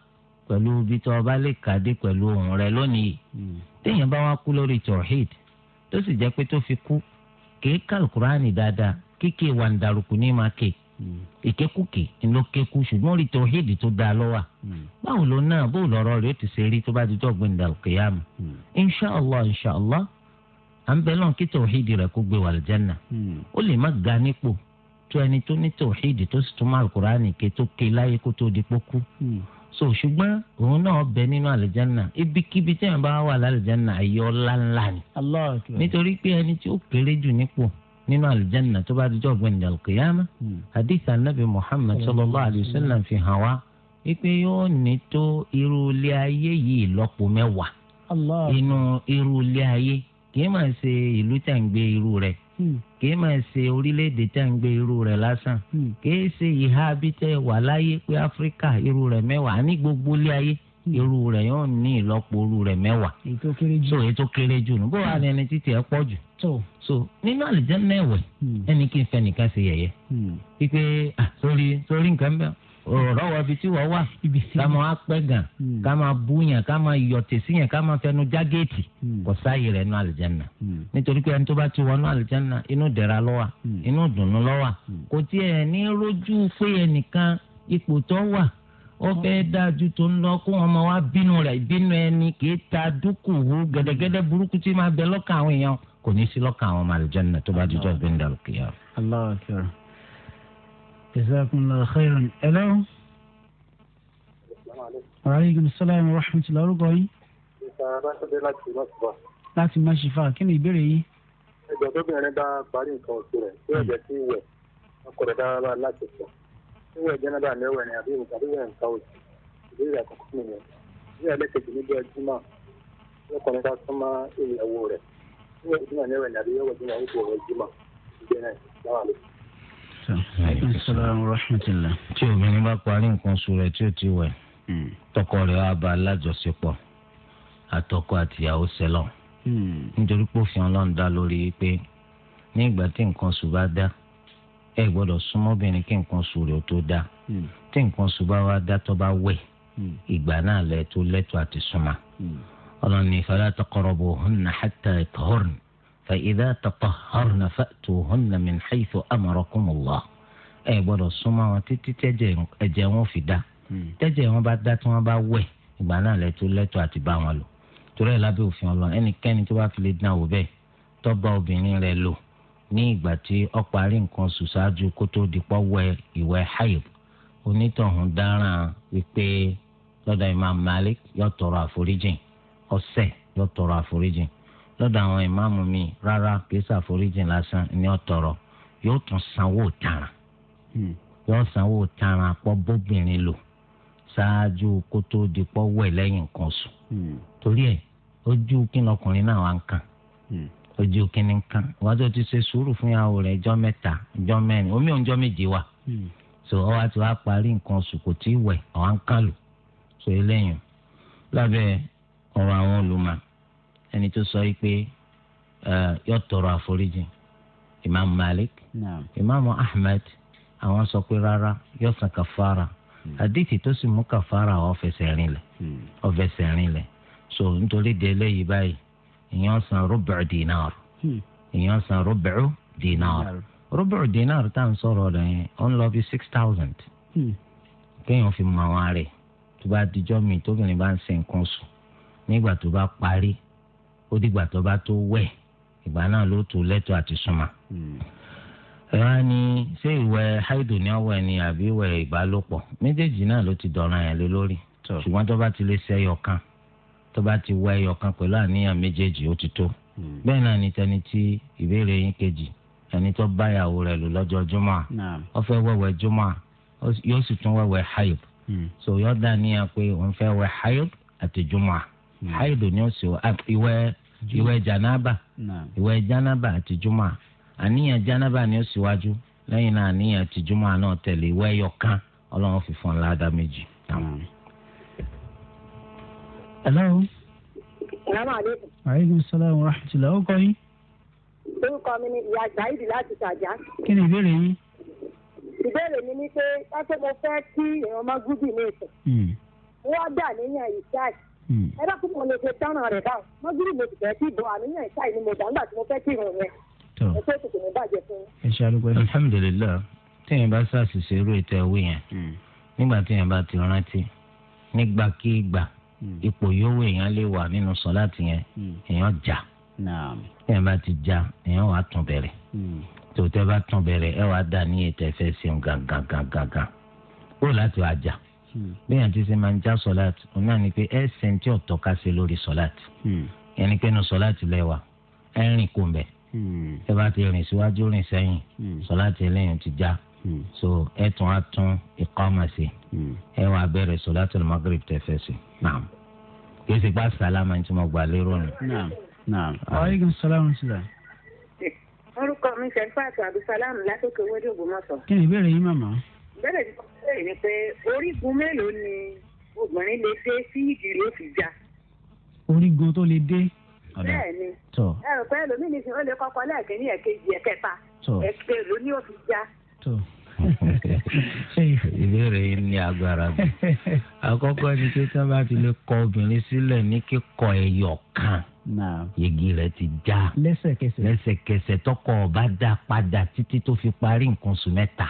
pẹ̀lú ibi tí ọba lè kàdé pẹ̀lú ohun rẹ lónìí hmm. téèyàn bá wá kú lórí tawhid tó sì jẹ́ pé tó fi kú kìí ka ni dáadáa kíkè wà ń darúkú ní máa hmm. ìkékùkè ló ṣùgbọ́n orí tawhid tó dáa lọ́wà. Hmm. báwo ló náà bó lọ́rọ́ rẹ̀ ti ṣe rí tó ẹni tó ní tòhídì tó sì tún máa alukurani ké tó ké láyé kó tó di pókú. Hmm. so ṣùgbọ́n òun náà bẹ nínú àlùjáná ibikíbi tí wọn bá wà lálùjáná ayé ọlá ni. nítorí pé ẹni tí ó kéré jù nípò nínú àlùjáná tó bá dijọ́ ọ̀gbìn ìdàlùkìyàmá hmm. hadith anabi muhammad sallallahu alayhi wa sallam fi hàn wá wípé yóò ní tó irú ilé ayé yìí lọ́pọ̀ mẹ́wàá inú irú ilé ayé kì í máa ṣe ìlú tẹ̀ irú rẹ̀ Hmm. kì í máa ṣe orílẹ̀-èdè tẹ́ ń gbé irú rẹ̀ lásán hmm. kì í ṣe ìhà abítẹ́ wà láyé pé áfíríkà irú rẹ̀ mẹ́wàá àní gbogbo ilé ayé hmm. irú rẹ̀ yóò ní ìlọ́pọ̀ irú rẹ̀ mẹ́wàá so ètò kéré jù nù bó wà ní ẹni títí ẹ pọ̀ jù so nínú àlùjẹ́ mẹ́wẹ̀ẹ́ ẹni kí n fẹ́ nìkan ṣe yẹ̀yẹ́ wípé ah, sórí sórí nǹkan bẹ́ẹ̀ rọwọ ibi tí wọ́n wà hmm. ká máa pẹ́ gàn ká máa búyàn ká máa yọ̀tẹ̀ síyàn ká máa fẹnu já géètì hmm. kò sáàyè rẹ̀ nù àlìjáná hmm. nítorí pé ẹni tó bá ti wọnú àlìjáná inú dẹ̀ra lọ́wà inú dùnnú lọ́wà kò tiẹ̀ ní rójú pé ẹnìkan ipò tó wà ó fẹ́ dájú tó ń lọ kó wọn máa wá bínú rẹ̀ bínú ẹni kì í ta dúkùú gẹ́dẹ́gẹ́dẹ́ burúkú tí máa bẹ lọ́kàn àwọn èèyàn kò ní sí lọ́kàn àwọn ọmọ àlìjáná tó bá dijọ́ gbẹ̀ndàlùkìyà. Allah jazakumullahu khairan hello. aleykum salaam wa rahmatulah orúkọ yín. ìsàlẹ̀ láti mọ̀ṣífà. láti mọ̀ṣífà kí ni ìbéèrè yín. ẹgbẹ́ tó bẹ̀rẹ̀ bá parí nǹkan oṣù rẹ̀ tí ẹ̀jẹ̀ sí ìwẹ̀ ọkọ̀rọ̀ dára láti sọ. ìwẹ̀ jẹ́nàbà lẹ́wẹ̀ ni àbí ìwẹ̀ nǹkan oṣù ìbéèrè àkọ́kọ́ nìyẹn. ìwẹ̀ ẹlẹ́kẹ̀jì níbi ẹjúmọ̀ ọkùnrin ká súnmọ́ ìyàwó rẹ̀. ìwẹ̀ ìdúnà lẹ́wẹ̀ ni àbí ìwẹ̀ ìdúnà ìbò ẹjúmọ̀ ìgbẹ́ náà aleykum salaam wa rahmatulah. tí obìnrin bá parí nǹkan oṣù rẹ̀ tí ó ti wẹ̀ hmm. tọkọ rẹ̀ wá bá alájọṣepọ̀ àtọkọ àtìyàwó sẹlọ hmm. nítorí pé òfin Ọlọ́run dá lórí pé ní ìgbà tí nǹkan oṣù bá dá ẹ gbọ́dọ̀ súnmọ́ obìnrin kí nǹkan oṣù rẹ̀ ó tó dá hmm. tí nǹkan oṣù bá wá dá tó bá wẹ̀ ìgbà náà lẹ tó lẹ́tọ̀ọ́ àti súnmọ́ Ọlọ́run ní fala taqrabuhunna hatta yatahurna fa idha tatahharna fa'tuhunna min haythu amarakumullah ẹ gbọ́dọ̀ súnmọ́ wọn títí tẹ́jẹ̀ ẹ̀jẹ̀ wọn fi dá hmm. tẹ́jẹ̀ wọn bá dá tí wọ́n bá wẹ̀ ìgbà náà lẹ́tọ́ lẹ́tọ́ àti bá wọn lò torí ẹ̀ lábẹ́ òfin ọlọ́run ẹnikẹ́ni tó bá fi lè dán wò bẹ́ẹ̀ tó bá obìnrin rẹ̀ lò ní ìgbà tí ó parí nǹkan oṣù ṣáájú kó tó di pọ́ wẹ̀ ìwẹ̀ hayib onítọ̀hún dáràn wípé lọ́dọ̀ imam malik yóò tọrọ àforíjìn ọ̀sẹ̀ yóò tọrọ àforíjìn lọ́dọ̀ àwọn ìmáàmù mi rárá kìí ṣàforíjìn lásán ni ó tọrọ yóò tún sanwó tààràn Hmm. yóò sanwó taran pọ̀ bóbìnrin lò ṣáájú kó tó di pọ̀ wẹ̀ lẹ́yìn nǹkan sùn hmm. torí ẹ̀ ojú kí ọkùnrin náà wá ń kàn ojú hmm. kí ń kàn wọ́n tó ti ṣe sùúrù fún ìyàwó rẹ̀ ọjọ́ mẹta ọjọ́ mẹ́rin omi òun méje wà so kò tí ì kàn lò so àwọn ẹni tó sọ pé eh, tọrọ àforíjì imam malik imam ahmed àwọn sọ pé rárá yóò san kàfàrà àdìtì hmm. tó sì mú kàfàrà ọ rìn lẹ̀ rìn so nítorí de eléyìí báyìí ìyẹn san rúbẹ̀rù dínàr hmm. ìyẹn san rúbẹ̀rù dinar hmm. rúbẹ̀rù dínàr tá à ń sọ̀rọ̀ rẹ̀ yẹn ó six thousand kéèyàn fi mọ àwọn àrè tó bá dijọ́ mi tóbìnrin bá ń ṣe nǹkan sùn nígbà tó bá parí ó dìgbà tó bá tó wẹ̀ ìgbà náà ẹ̀wá ni ṣé ìwẹ̀ haidu ni ọwọ́ ẹni àbí ìwẹ̀ ìbálòpọ̀ méjèèjì náà ló ti dọ̀ràn yẹn lé lórí ṣùgbọ́n tó bá ti lè ṣe ẹyọ kan tó bá ti wẹ̀ ẹyọ kan pẹ̀lú àníyàn méjèèjì ó ti tó hmm. bẹ́ẹ̀ náà ni tẹni tí ìbéèrè yín kejì ẹni tó báyàwó rẹ̀ lò lọ́jọ́ jùmọ̀ ó fẹ́ wẹ̀wẹ̀ jùmọ̀ yóò sì tún wẹ̀wẹ̀ haid hmm. so yóò dá níyà pé òun fẹ́ wẹ̀ haid àti jùmọ̀ hmm. haid ni ó sì wẹ̀ ìwẹ̀ janaba ìwẹ̀ janaba àti jùmọ̀ àníyàn jánábà ni ó síwájú lẹ́yìn náà àníyàn tìjúmọ́ náà tẹ̀lé wẹ́yọ̀ kan ọlọ́run fi fún ọ ládàá méjì. hello. salaamaleykum. aleykum salaam wa rahmatulah ó kọ́ yín. orúkọ mi ni ìyá zaidi láti ṣàjá. kí ni ìbéèrè yín. ìbéèrè mi ni pé lọ́sẹ̀ mo fẹ́ kí èèyàn máa gúdì ní ìtàn. Hmm. wọ́n dà níyàn ìṣáì. Hmm. ẹ bá kúkú mo lè ṣe tánràn rẹ̀ báwọn. mọ́gírì mo sì fẹ́ kí ìbọn àníyàn ìṣáì ni mo dà nígbà tí mo fẹ́ kí ìrùn yẹn ó pé kòkòrò ní bàjẹ́ fún. ẹ ṣe alùpùpù alhamdulilayi téèyàn bá ṣàṣìṣe irú ètò ẹ̀wé yẹn hmm. nígbà téèyàn bá ti rántí nígbàkigbà hmm. ipò yòówù èèyàn lè wà nínú sọláàtì yẹn hmm. èèyàn jà téèyàn bá ti jà èèyàn wà tún bẹ̀rẹ̀ tòótẹ́ bá tún bẹ̀rẹ̀ ẹ wàá dà ní ètò ẹ̀fẹ́ ṣeun gangan gangan gan ó láti wàá jà bẹ́ẹ̀ ti ṣe máa ń já sọ́láàtì òun náà ni pé ẹ ṣe ń ká ṣe lórí sọ́láàtì yẹn ni pé nu sọ́láàtì lẹ́wà ẹ kò mbẹ́ Hmm. ẹ bá ti rìn síwájú rìn sẹ́yìn hmm. sọlá ti lẹ́yìn ti já hmm. so ẹ tún á tún ìkọ́mà sí ẹ wàá bẹ̀rẹ̀ sọlá tó lè magrib tẹ fẹ́ sí naam kí ẹ sì gbà sálámà tí mo gbà lérò nù. naam naam. aleykum salaam sila orúkọ mi ṣe fàtó abdulsalam látòkè wọlé Ògbómọ̀ṣọ́. kí ni ìbéèrè yín màmá. bẹ́ẹ̀ ni bẹ́ẹ̀ ni pé orígun mélòó ni obìnrin lè dé sí ìdílé òfin já. orígun tó lè dé bẹ́ẹ̀ni ẹ rò pé ẹlòmíì ní fi ó lè kọ́kọ́ lẹ́ẹ̀kínní ẹ̀kejì ẹ̀kẹta ẹ̀kẹ́ ló ní òfin já. ìbéèrè yìí ní agbára bí àkọ́kọ́ ni pé tí wọ́n bá fi lè kọ obìnrin sílẹ̀ ní kíkọ ẹyọ kan yegi rẹ̀ ti já lẹ́sẹ̀kẹsẹ̀ lẹ́sẹ̀kẹsẹ̀ tọkọ ọba dá padà títí tó fi parí nǹkan oṣù mẹ́ta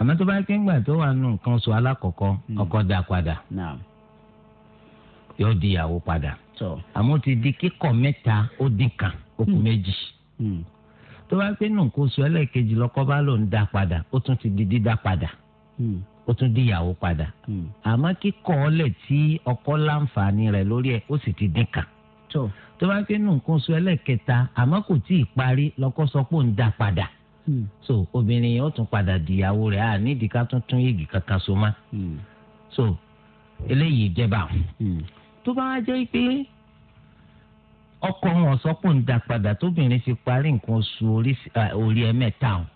àmọ́ tó bá ké ńgbà tó wà nù nǹkan oṣù alákọ̀ọ́kọ́ mm. ọkọ dá padà. Nah yóò di ìyàwó padà àmọ́ ti di kíkọ̀ mẹ́ta ó dín kan ó hmm. méjì hmm. tó bá pé nù kó so ẹlẹ́ẹ̀kejì lọ́kọ́ bá lòún dá padà ó tún ti di dídá padà hmm. ó tún di ìyàwó padà àmọ́ kíkọ́ ọlẹ̀ tí ọkọ láǹfààní rẹ̀ lórí ẹ̀ ó sì ti dín kan tó bá pé nù kó so ẹlẹ́ẹ̀kẹta àmọ́ kò tí ì parí lọ́kọ́ sọ pé ó dá padà so obìnrin yẹn ó tún padà di ìyàwó rẹ̀ à nídìí ká tún tún yéègì kankan so mọ́ so eléyìí jẹ́ báwọn tó bá jẹ́ pé ọkọ wọn sọpọ̀ ń da padà tóbìnrin fi parí nǹkan oṣù orí ẹ̀mẹ́ta o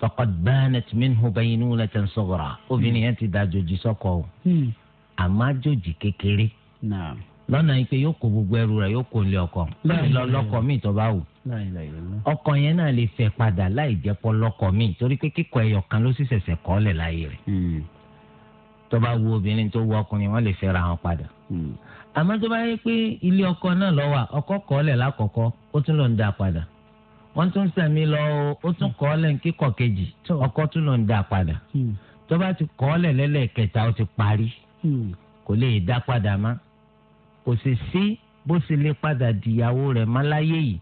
faqad banat minhu baynunatan sughra obìnrin yẹn ti da àjòjì sọ́kọ o hmm. àmọ́ àjòjì kékeré lọ́nà yìí pé yóò kó gbogbo ẹrù rẹ̀ yóò kó lé ọkọ lọ́kọ míì tó bá wù ọkọ yẹn náà lè fẹ́ padà láì jẹ́ pọ́ lọ́kọ míì torí pé kíkọ ẹyọ kan ló sì ṣẹ̀ṣẹ̀ kọ́ lẹ̀ láyé rẹ̀ hmm tó bá wo obìnrin tó wo ọkùnrin wọn lè fẹ́ra wọn padà. Hmm. àmọ́ tó bá yẹ pé ilé ọkọ náà lọ wà ọkọ kọ́lẹ̀ lákọ̀ọ́kọ́ ó tún lọ ń dá padà wọ́n tún sẹ̀mí lọ ó tún kọ́lẹ̀ kíkọ̀ kejì ọkọ tún lọ ń dá padà hmm. tó bá ti kọ́lẹ̀ lẹ́lẹ́kẹta ó ti parí hmm. kò lè dá padà mọ́ kò sì sí bó sì lè padà dìyàwó rẹ̀ mọ́ yìí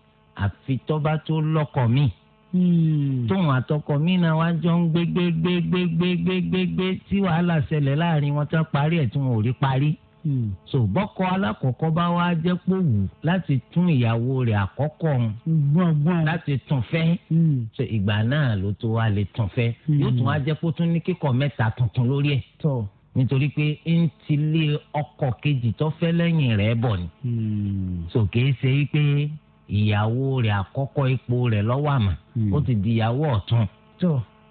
àfi tó tó lọ́kọ míì. Hmm. tóun àtọkọ mi náà wá jọ ń gbé gbé gbé gbé gbé gbé gbé gbé tí wàhálà ṣẹlẹ̀ láàrin wọn tán parí ẹ̀ tí wọn ò rí parí. Hmm. so bọ́kọ alákọ̀ọ́kọ́ bá wá jẹ́ pò wù láti tún ìyàwó rẹ̀ àkọ́kọ́ hun láti tún fẹ́ hmm. so ìgbà náà ló tó wá lè tún fẹ́ yóò tún wá jẹ́ pò tún ní kíkọ̀ mẹ́ta tuntun lórí ẹ̀ nítorí pé ń tilé ọkọ kejì tó fẹ́ lẹ́yìn rẹ̀ bọ̀ ni so kìí ṣe pé ìyàwó rẹ̀ àkọ́kọ́ ipò rẹ̀ lọ́wọ́ àmà hmm. ó ti di ìyàwó ọ̀tún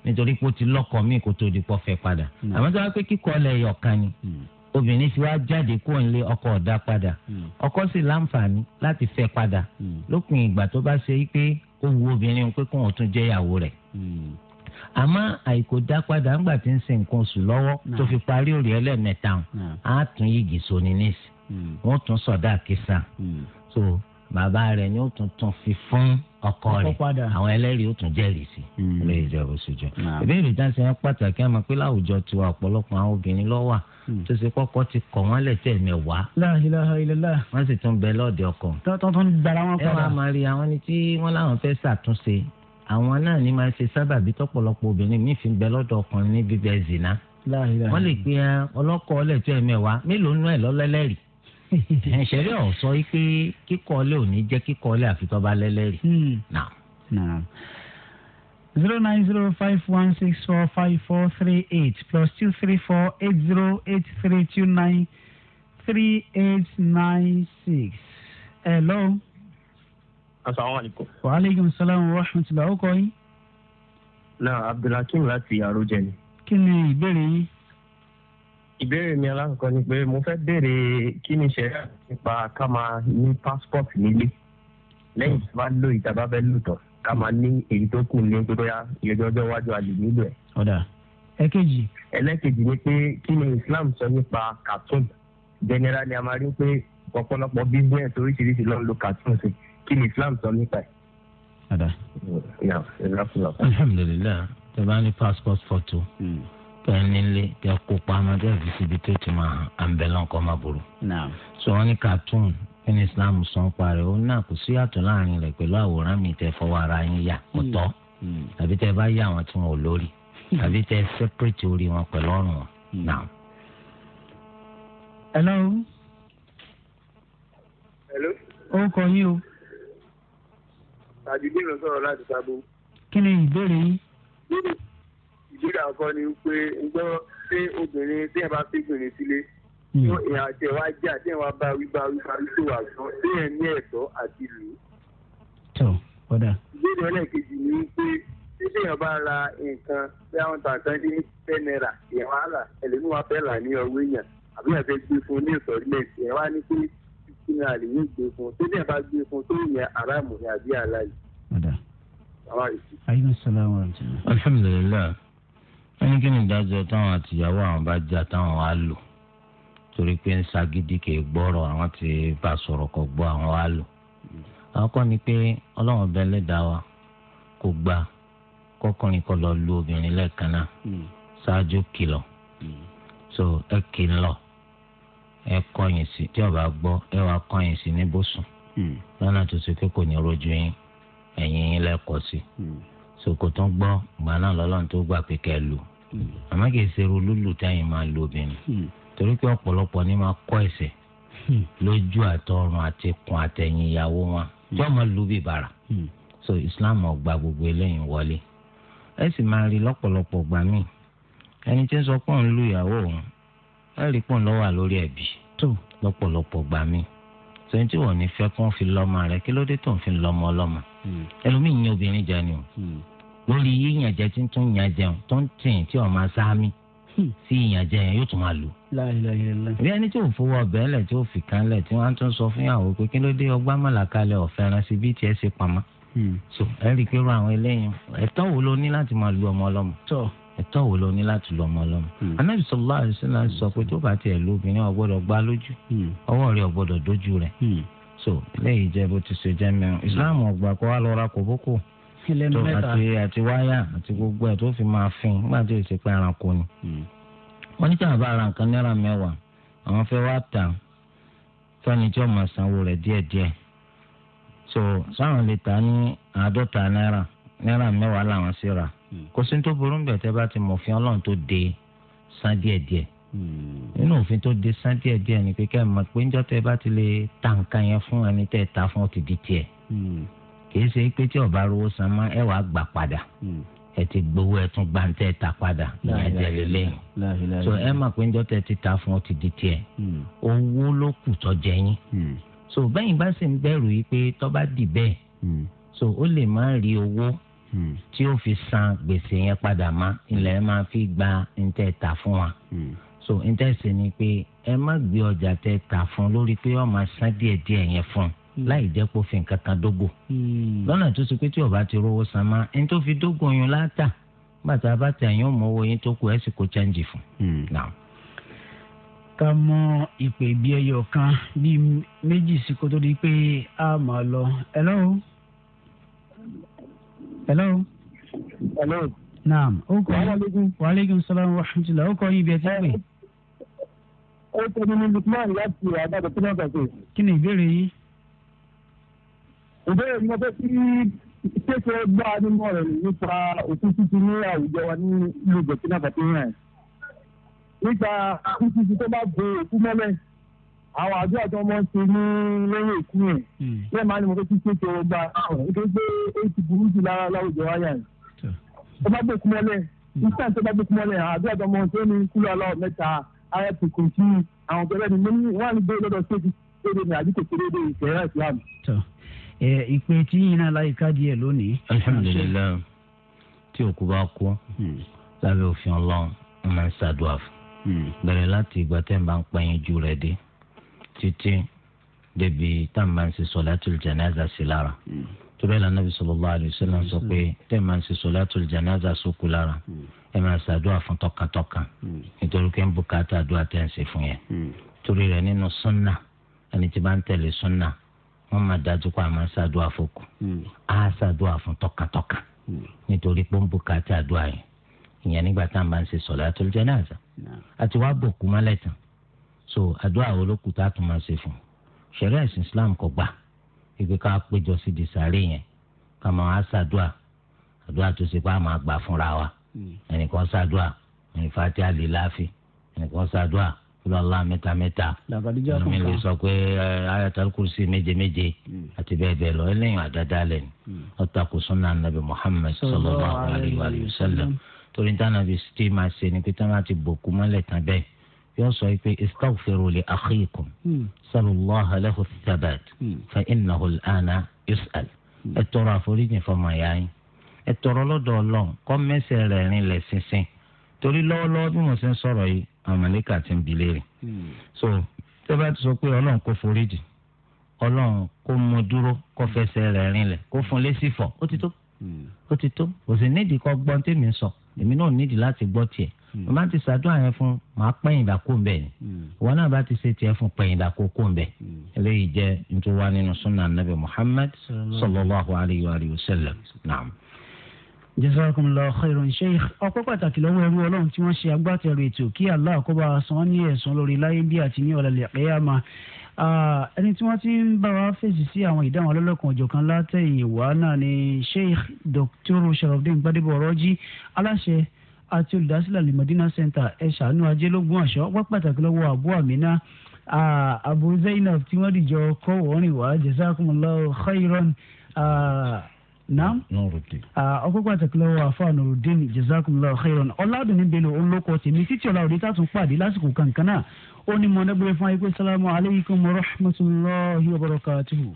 nítorí pé ó ti lọ́kọ míì kó tó di pọ́ fẹ́ padà hmm. àmọ́ tó wá pé kíkọ́ ọ̀lẹ̀ ẹ̀yọ̀kan ni hmm. obìnrin ti wá jáde kúrò nílé ọkọ ọ̀dà padà ọkọ sì láǹfààní láti fẹ́ padà lópin ìgbà tó bá ṣe pé ó wu obìnrin pé kóun tún jẹ́ ìyàwó rẹ̀ àmọ́ àìkò dá padà ńgbà tí ń ṣe nǹkan oṣù lọ́wọ́ tó fi parí òrì ẹlẹ́mẹ̀ta á tún yìgì sóni nísì wọ́n tún sọ̀dá kìsà so bàbá rẹ̀ ni ó tún tún fi fún ọkọ rẹ̀ àwọn ẹlẹ́rìí ó tún jẹ́rìí sí hmm. ilé ìjọba òṣèjọ. ìbéèrè dáńsẹ̀ yẹn pàtàkì àmọ́ pé láwùjọ tiwa ọ̀pọ̀lọpọ̀ àwọn obìnrin ló wà hmm. tó ṣe kọ́kọ́ ti kọ̀ wọ́n lẹ́tẹ̀ mẹ́wàá. La ilaha illallah. wọ́n sì tún bẹ lọ́ọ̀dẹ ọkọ. tọ́tọ́ tó ń gbara wọn padà. ẹ wàá máa rí àwọn ẹni tí wọ́n láwọn fẹ́ ṣàtúnṣe àwọn náà ni máa ṣe sábàbí tọ́pọ̀lọpọ̀ obìnrin mi fi bẹ lọ́dọ̀ ọkùnrin ní bíbẹ zina. wọ́n lè pe ọlọ́kọ̀ ọlẹ́tẹ̀ mẹ́wàá mélòó nú ẹ̀ lọ́lẹ́lẹ́rìí ẹ̀ṣẹ̀rí ọ̀ sọ pé kíkọ́lẹ̀ ò ní jẹ́ kíkọ́lẹ̀ àfi tó bá lẹ́lẹ́rìí. Hmm. zero nine zero five one six four five four three eight plus two three four eight zero eight three two nine three eight nine six. hello. asalaamualeykum. wa aleykum salaam wa rahmatulah. ó kọ́ yín. náà abdulhakeem láti àròjẹ ni. kí ni ìbéèrè yín ìbéèrè mi alákọ̀ọ́kọ́ ni pé mo fẹ́ béèrè kí ni ṣẹ̀ríà nípa ká máa ní passport nílé lẹ́yìn tí a bá lò ìjàmbá fẹ́ lò tán ká máa ní èyí tó kù ní pé bóyá ìrẹ́jọ́ ọjọ́ iwájú a lè nílò ẹ̀. ọ̀dà ẹ̀kejì. ẹlẹ́kejì ni pé kí ni Islam sọ nípa cartoon generally a máa rí pé ọ̀pọ̀lọpọ̀ business oríṣiríṣi ló ń lo cartoon sí kí ni Islam sọ nípa ẹ̀. ọ̀dà alhamdulilayi tẹ bá ní passport photo. Mm pẹ́ nílé tẹ kó pamọ́ tẹ fi síbi tó ti máa hàn àǹbẹ̀lẹ̀ ọkọ̀ máa burú. sọ wọn ní cartoon nínú islam sàn parẹ́ òun náà kò sí yàtọ̀ láàrin rẹ̀ pẹ̀lú àwòrán mi tẹ fọwọ́ ara yín yà ọ̀tọ̀ hmm. hmm. tàbí tẹ bá yà wọn tí wọn ò lórí hmm. tàbí tẹ sẹ́pẹ̀rẹ̀tì orí wọn pẹ̀lú ọ̀rùn wọn. hello. hello. ó kọ yín o. tàbí bí mo sọ̀rọ̀ láti sábò. kí ni ìbéèrè yín ìbéèrè àkọ́kọ́ ni pé ń gbọ́ pé obìnrin tí ẹ bá fi obìnrin sílé hmm. tí èèyàn àti ẹ̀wá jà tí ẹ̀wá bá wí bá wí bá wí tó wà gan tí ẹ̀ ní ẹ̀tọ́ àti ìlú. tó kódà. ìbéèrè ẹlẹ́ẹ̀kejì ni pé tí èèyàn bá ra nǹkan bí àwọn tàǹkan ní ten naira èèyàn á là ẹlẹ́nu wa fẹ́ là ní ọwọ́ èèyàn àbí ẹ̀fẹ́ gbé fún ní ìsọ̀rílẹ̀sì ẹ̀ wá ní pé fifty naira lè ní gbé fún tó dẹ̀ bá gbé fún tó yẹ aráàmù ní àbí àlàyé. alhamdulilayi wọ́n ní kí ni ìdájọ́ táwọn àtìyàwó àwọn bá jà táwọn wá lò torí pé ń ṣagídí kì í gbọ́rọ̀ àwọn ti bá sọ̀rọ̀ kọ́ gbọ́ àwọn wá lò àwọn ni pé ọlọ́run ọbẹ̀ lẹ́dàá wa kò gba kọkùnrin kọ lọ lu obìnrin lẹ́ẹ̀kan náà ṣáájú kìlọ̀ so ẹ kìlọ̀ ẹ kọ̀yìn sí tí ọba gbọ́ ẹ wàá kọ̀yìn sí níbùsùn hmm. lọ́nà tó ṣe pé kò ní rojú yín ẹ̀yìn yín lẹ́ẹ̀kọ́ sí. Hmm sòkò tó ń gbọ́ ìgbà náà lọ́lọ́run tó gbà pé kẹ́ ẹ lù àmọ́ kì í ṣe irú lúlù táyìn máa lo obìnrin hmm. torí pé ọ̀pọ̀lọpọ̀ ní máa kọ́ ẹ̀sẹ̀ hmm. lójú àtọrun àti kun àtẹ̀yìn ìyàwó wọn tí wọ́n máa lu bìbàrà hmm. so Islam ọgbà gbogbo eléyìí wọlé ẹ sì máa rí lọ́pọ̀lọpọ̀ gbà míì ẹni tí ń sọ pé òun lu ìyàwó òun ẹ rí pọ̀ lọ́wọ́ lórí ẹ̀bí lọ́pọ̀lọpọ̀ gbà míì sọyìn tí wọn ní fẹ́ kí fi lọmọ rẹ kí ló dé tó ń fi lọmọ ọlọmọ ẹlòmíì ń yan obìnrin jẹ ni o lórí yíyànjẹ tí ń tún yànjẹun tó ń tìǹ tí ọ̀ máa sáámi sí hmm. ìyànjẹ yẹn yóò tún máa lò. bí ẹni tí ò fowó ọbẹ̀ ẹlẹ̀ tí ó fi kan lẹ̀ tí wọ́n á tún sọ fún ìyàwó pé kí ló dé ọgbà mọ̀làkalẹ̀ ọ̀fẹ́ ránṣẹ́ bí tiẹ̀ ṣe pamọ́. Hmm. so ẹ rí i pé irú àwọn eléyìí ẹ̀tọ́ wo ló ní láti máa lu ọmọ ọlọ́mọ. ẹ̀tọ́ wo ló ní láti lu ọmọ ọlọ́mọ. anábì sọlá àdìsílà sọ pé tó bá tiẹ̀ hmm. so eléyìí jẹ́ bó ti ṣe jẹ́ mẹ́rin islam ò tó àti àti wáyà àti gbogbo ẹ̀ tó fi máa fin nígbà tí èsì pé ẹranko ni. Hmm. wọ́n ní tí àbá ara nǹkan náírà mẹ́wàá àwọn fẹ́ wá tà fẹ́ni tí ó máa sanwó rẹ̀ díẹ̀díẹ̀ so sáwọn lè ta ní àádọ́ta náírà náírà mẹ́wàá làwọn sì rà hmm. kò sí tó burú bẹ̀ tẹ́ bá ti mọ̀ fi ọlọ́run tó de san díẹ̀díẹ̀ hmm. nínú òfin tó de san díẹ̀díẹ̀ ni pé kẹ́ ẹ̀ mọ̀ pé ń jọ́ tẹ́ bá ti lè ta nǹkan yẹn fún ẹni tẹ́ ẹ̀ ta fún ọ ti di tiẹ̀ kìí ṣe pé tí ọba rówó san mọ́ ẹ wàá gbà padà hmm. ẹ ti gbowó ẹ tún gbà ń tẹ ta padà ìyẹn jẹ lélẹyìn so ẹ mà pé njọ́ tẹ ti ta fún ọ ti di tiẹ̀ hmm. owó ló kù tọ́ jẹ yín hmm. so bẹ́yìn bá sì ń bẹ̀rù yìí pé tọ́ dì bẹ́ẹ̀ so ó lè má rí owó tí ó fi san gbèsè yẹn padà má ilẹ̀ máa fi gba ń tẹ ta fún wa so ń tẹ̀sí ni pé ẹ má gbé ọjà tẹ ta fún lórí pé ọ máa san díẹ̀díẹ̀ yẹn fún un. Hmm. láì jẹ́ kó fi nǹkan kan dógò hmm. lọ́nà tó ṣe pé tí ọba ti rówó san má ẹni tó fi dógò yín láàtà bàtà bàtà yín ò mọ owó yín tó kù ẹ̀ sì kó chẹ́ǹjì fún hmm. ká mọ ìpè bí ẹyọ kan bí méjì sí kó tó di pé a máa lọ. hello. hello. hello. naam ó kọ yín waaleykum salaam wa rahmatulah ó kọ yín bí ẹ ti pè. ó tẹ́lẹ̀ ní lukman láti àgbàdo tí wọ́n gbà pé. kí ni ìbéèrè yìí ìbéèrè mi fẹ́ kí kéṣe gbọ́ anímọ̀ rẹ̀ nípa òkú títí ní àwùjọ wa ní ìlú burkina faso rẹ̀ nípa òkú títí tó bá bo òkú mọ́lẹ̀ àwọn àdúrà tó wọ́n ṣe ní lórí òkú yẹn hmm. bẹ́ẹ̀ máa ní mo fẹ́ kí kéṣe gbọ́ àwọn nítorí pé ó ti burú jù lára láwùjọ wa yà tó bá gbòkú mọ́lẹ̀ hmm. nígbà tó bá gbòkú mọ́lẹ̀ àdúrà tó wọ́n ṣe ní kúlọ̀ aláwọ̀ mẹ́ta ara ti kò sí àwọn ọ̀gẹ́rẹ́ ni mo ní wọ́n á ní gbé lọ́dọ̀ ṣé ìpè tí yín náà láyé ká díẹ̀ lónìí. alhamdulilayi tí òkú bá kú hmm. lábẹ́ òfin ọlọ́run wọ́n máa ń ṣàdúrà fún hmm. bẹ̀rẹ̀ láti ìgbà tẹ́ ń bá ń pẹ́yìn ju rẹ̀ dé títí débi tá a máa ń ṣe solatul janaza sí lára hmm. turẹ́ la nabi sallallahu alayhi wa sallam sọ pé tẹ́ máa ń ṣe solatul janaza sókù lára ẹ máa ṣàdúrà fún tọkàntọkàn nítorí pé ń bùkátà àdúrà tẹ́ ń ṣe fún yẹn torí rẹ̀ nínú sunna ẹni tí bá ń tẹ̀lé sunna wọ́n máa dájú pé a máa ṣàdúrà fòkù hmm. a ṣàdúrà fún tọkàntọkàn hmm. nítorí pé ń bùkátà àdúrà yẹn ìyẹn nígbà tá a máa ń ṣe sọ̀látul jánásà àti hmm. wàá bòkú mọ́lẹ̀ tán so àdúrà olókùn tá a tún máa ṣe fún ṣẹ̀ríà ẹ̀sìn Islam kò gbà ibi ká péjọ sí di sàárè yẹn ká máa ṣàdúrà àdúrà tó ṣe pé a máa gbà fúnra wa ẹnìkan ṣàdúrà ẹnìfàtí àlè láàfin ẹnìkan ṣàdúrà kúlọ̀lá mẹ́ta mẹ́ta ẹlòmíì lè sọ pé eh, ayatul kursi méje méje hmm. àti bẹ́ẹ̀ bẹ́ẹ̀ lọ ẹlẹ́yìn àdáda lẹ̀ ni ọ̀tà kò súnà nàbì muhammed sallallahu alayhi wa sallam torí dáná bí tí máa ṣe ni pé tí wọ́n ti bòkú mọ́lẹ̀ tán bẹ́ẹ̀ yóò sọ pé istaghfiru li akhikum hmm. sallallahu alayhi wa thabat hmm. fa innahu al-ana yus'al ẹ tọrọ àforíjì fọmọ ìyá yín ẹ tọrọ lọ́dọ̀ Ọlọ́run kọ mẹsẹ rẹ rin lẹ sísìn torí lọ́wọ́lọ́wọ́ bí mo ṣe ń sọ̀rọ̀ àwọn ti ń hmm. so tó bá ti sọ pé ọlọ́run kò foríjì ọlọ́run kò mú dúró kó hmm. fẹsẹ̀ rẹ̀ rinlẹ̀ kó fún lésì fọ̀ ó ti tó hmm. ó ti tó kò sì nídìí sọ èmi náà nídìí láti gbọ́ tiẹ̀ mo máa ti ṣàdúrà yẹn fún màá pẹ́yìn ìdàkó ń bẹ̀ ni ìwọ náà bá ti ṣe tiẹ̀ fún pẹ́yìn ìdàkó kó ń bẹ̀ eléyìí jẹ́ nítorí nínú nabi Muhammad sallallahu alayhi wa sallam jazakumullahu khairan sheikh ọpẹ́ pàtàkì lọ́wọ́ ẹrú Ọlọ́run tí wọ́n ṣe agbátẹrù ètò kí Allah kó bá san ní ẹ̀san lórí láyé bí àti ní ọ̀làlẹ̀ àyàmà ẹni tí wọ́n ti ń bá wa fèsì sí àwọn ìdáhùn ọlọ́lọ́kan ọ̀jọ̀kan látẹ̀yìn wá náà ni sheikh dr sharafdin gbadebo ọ̀rọ̀jì aláṣẹ àti olùdásílẹ̀ alimọ̀dínà center ẹ̀ṣánú ajé lógún àṣọ ọpẹ́ pàtàkì lọ́wọ́ àbú àmínà àbú zainab tí wọ́n dìjọ kọ́ wọ́n rìn wá jazakumullahu khairan naam nurudin. ọkọ pàtàkì lọ́wọ́ àfáà nurudin jazakumullahu khairan ọládùnní bello olóko tèmi títí ọlá òde tá a tún pàdé lásìkò kankan náà ó ní mọ nẹgbẹrẹ fún ayé pé sálámù aleykum rahmatulahi wa barakatuhu.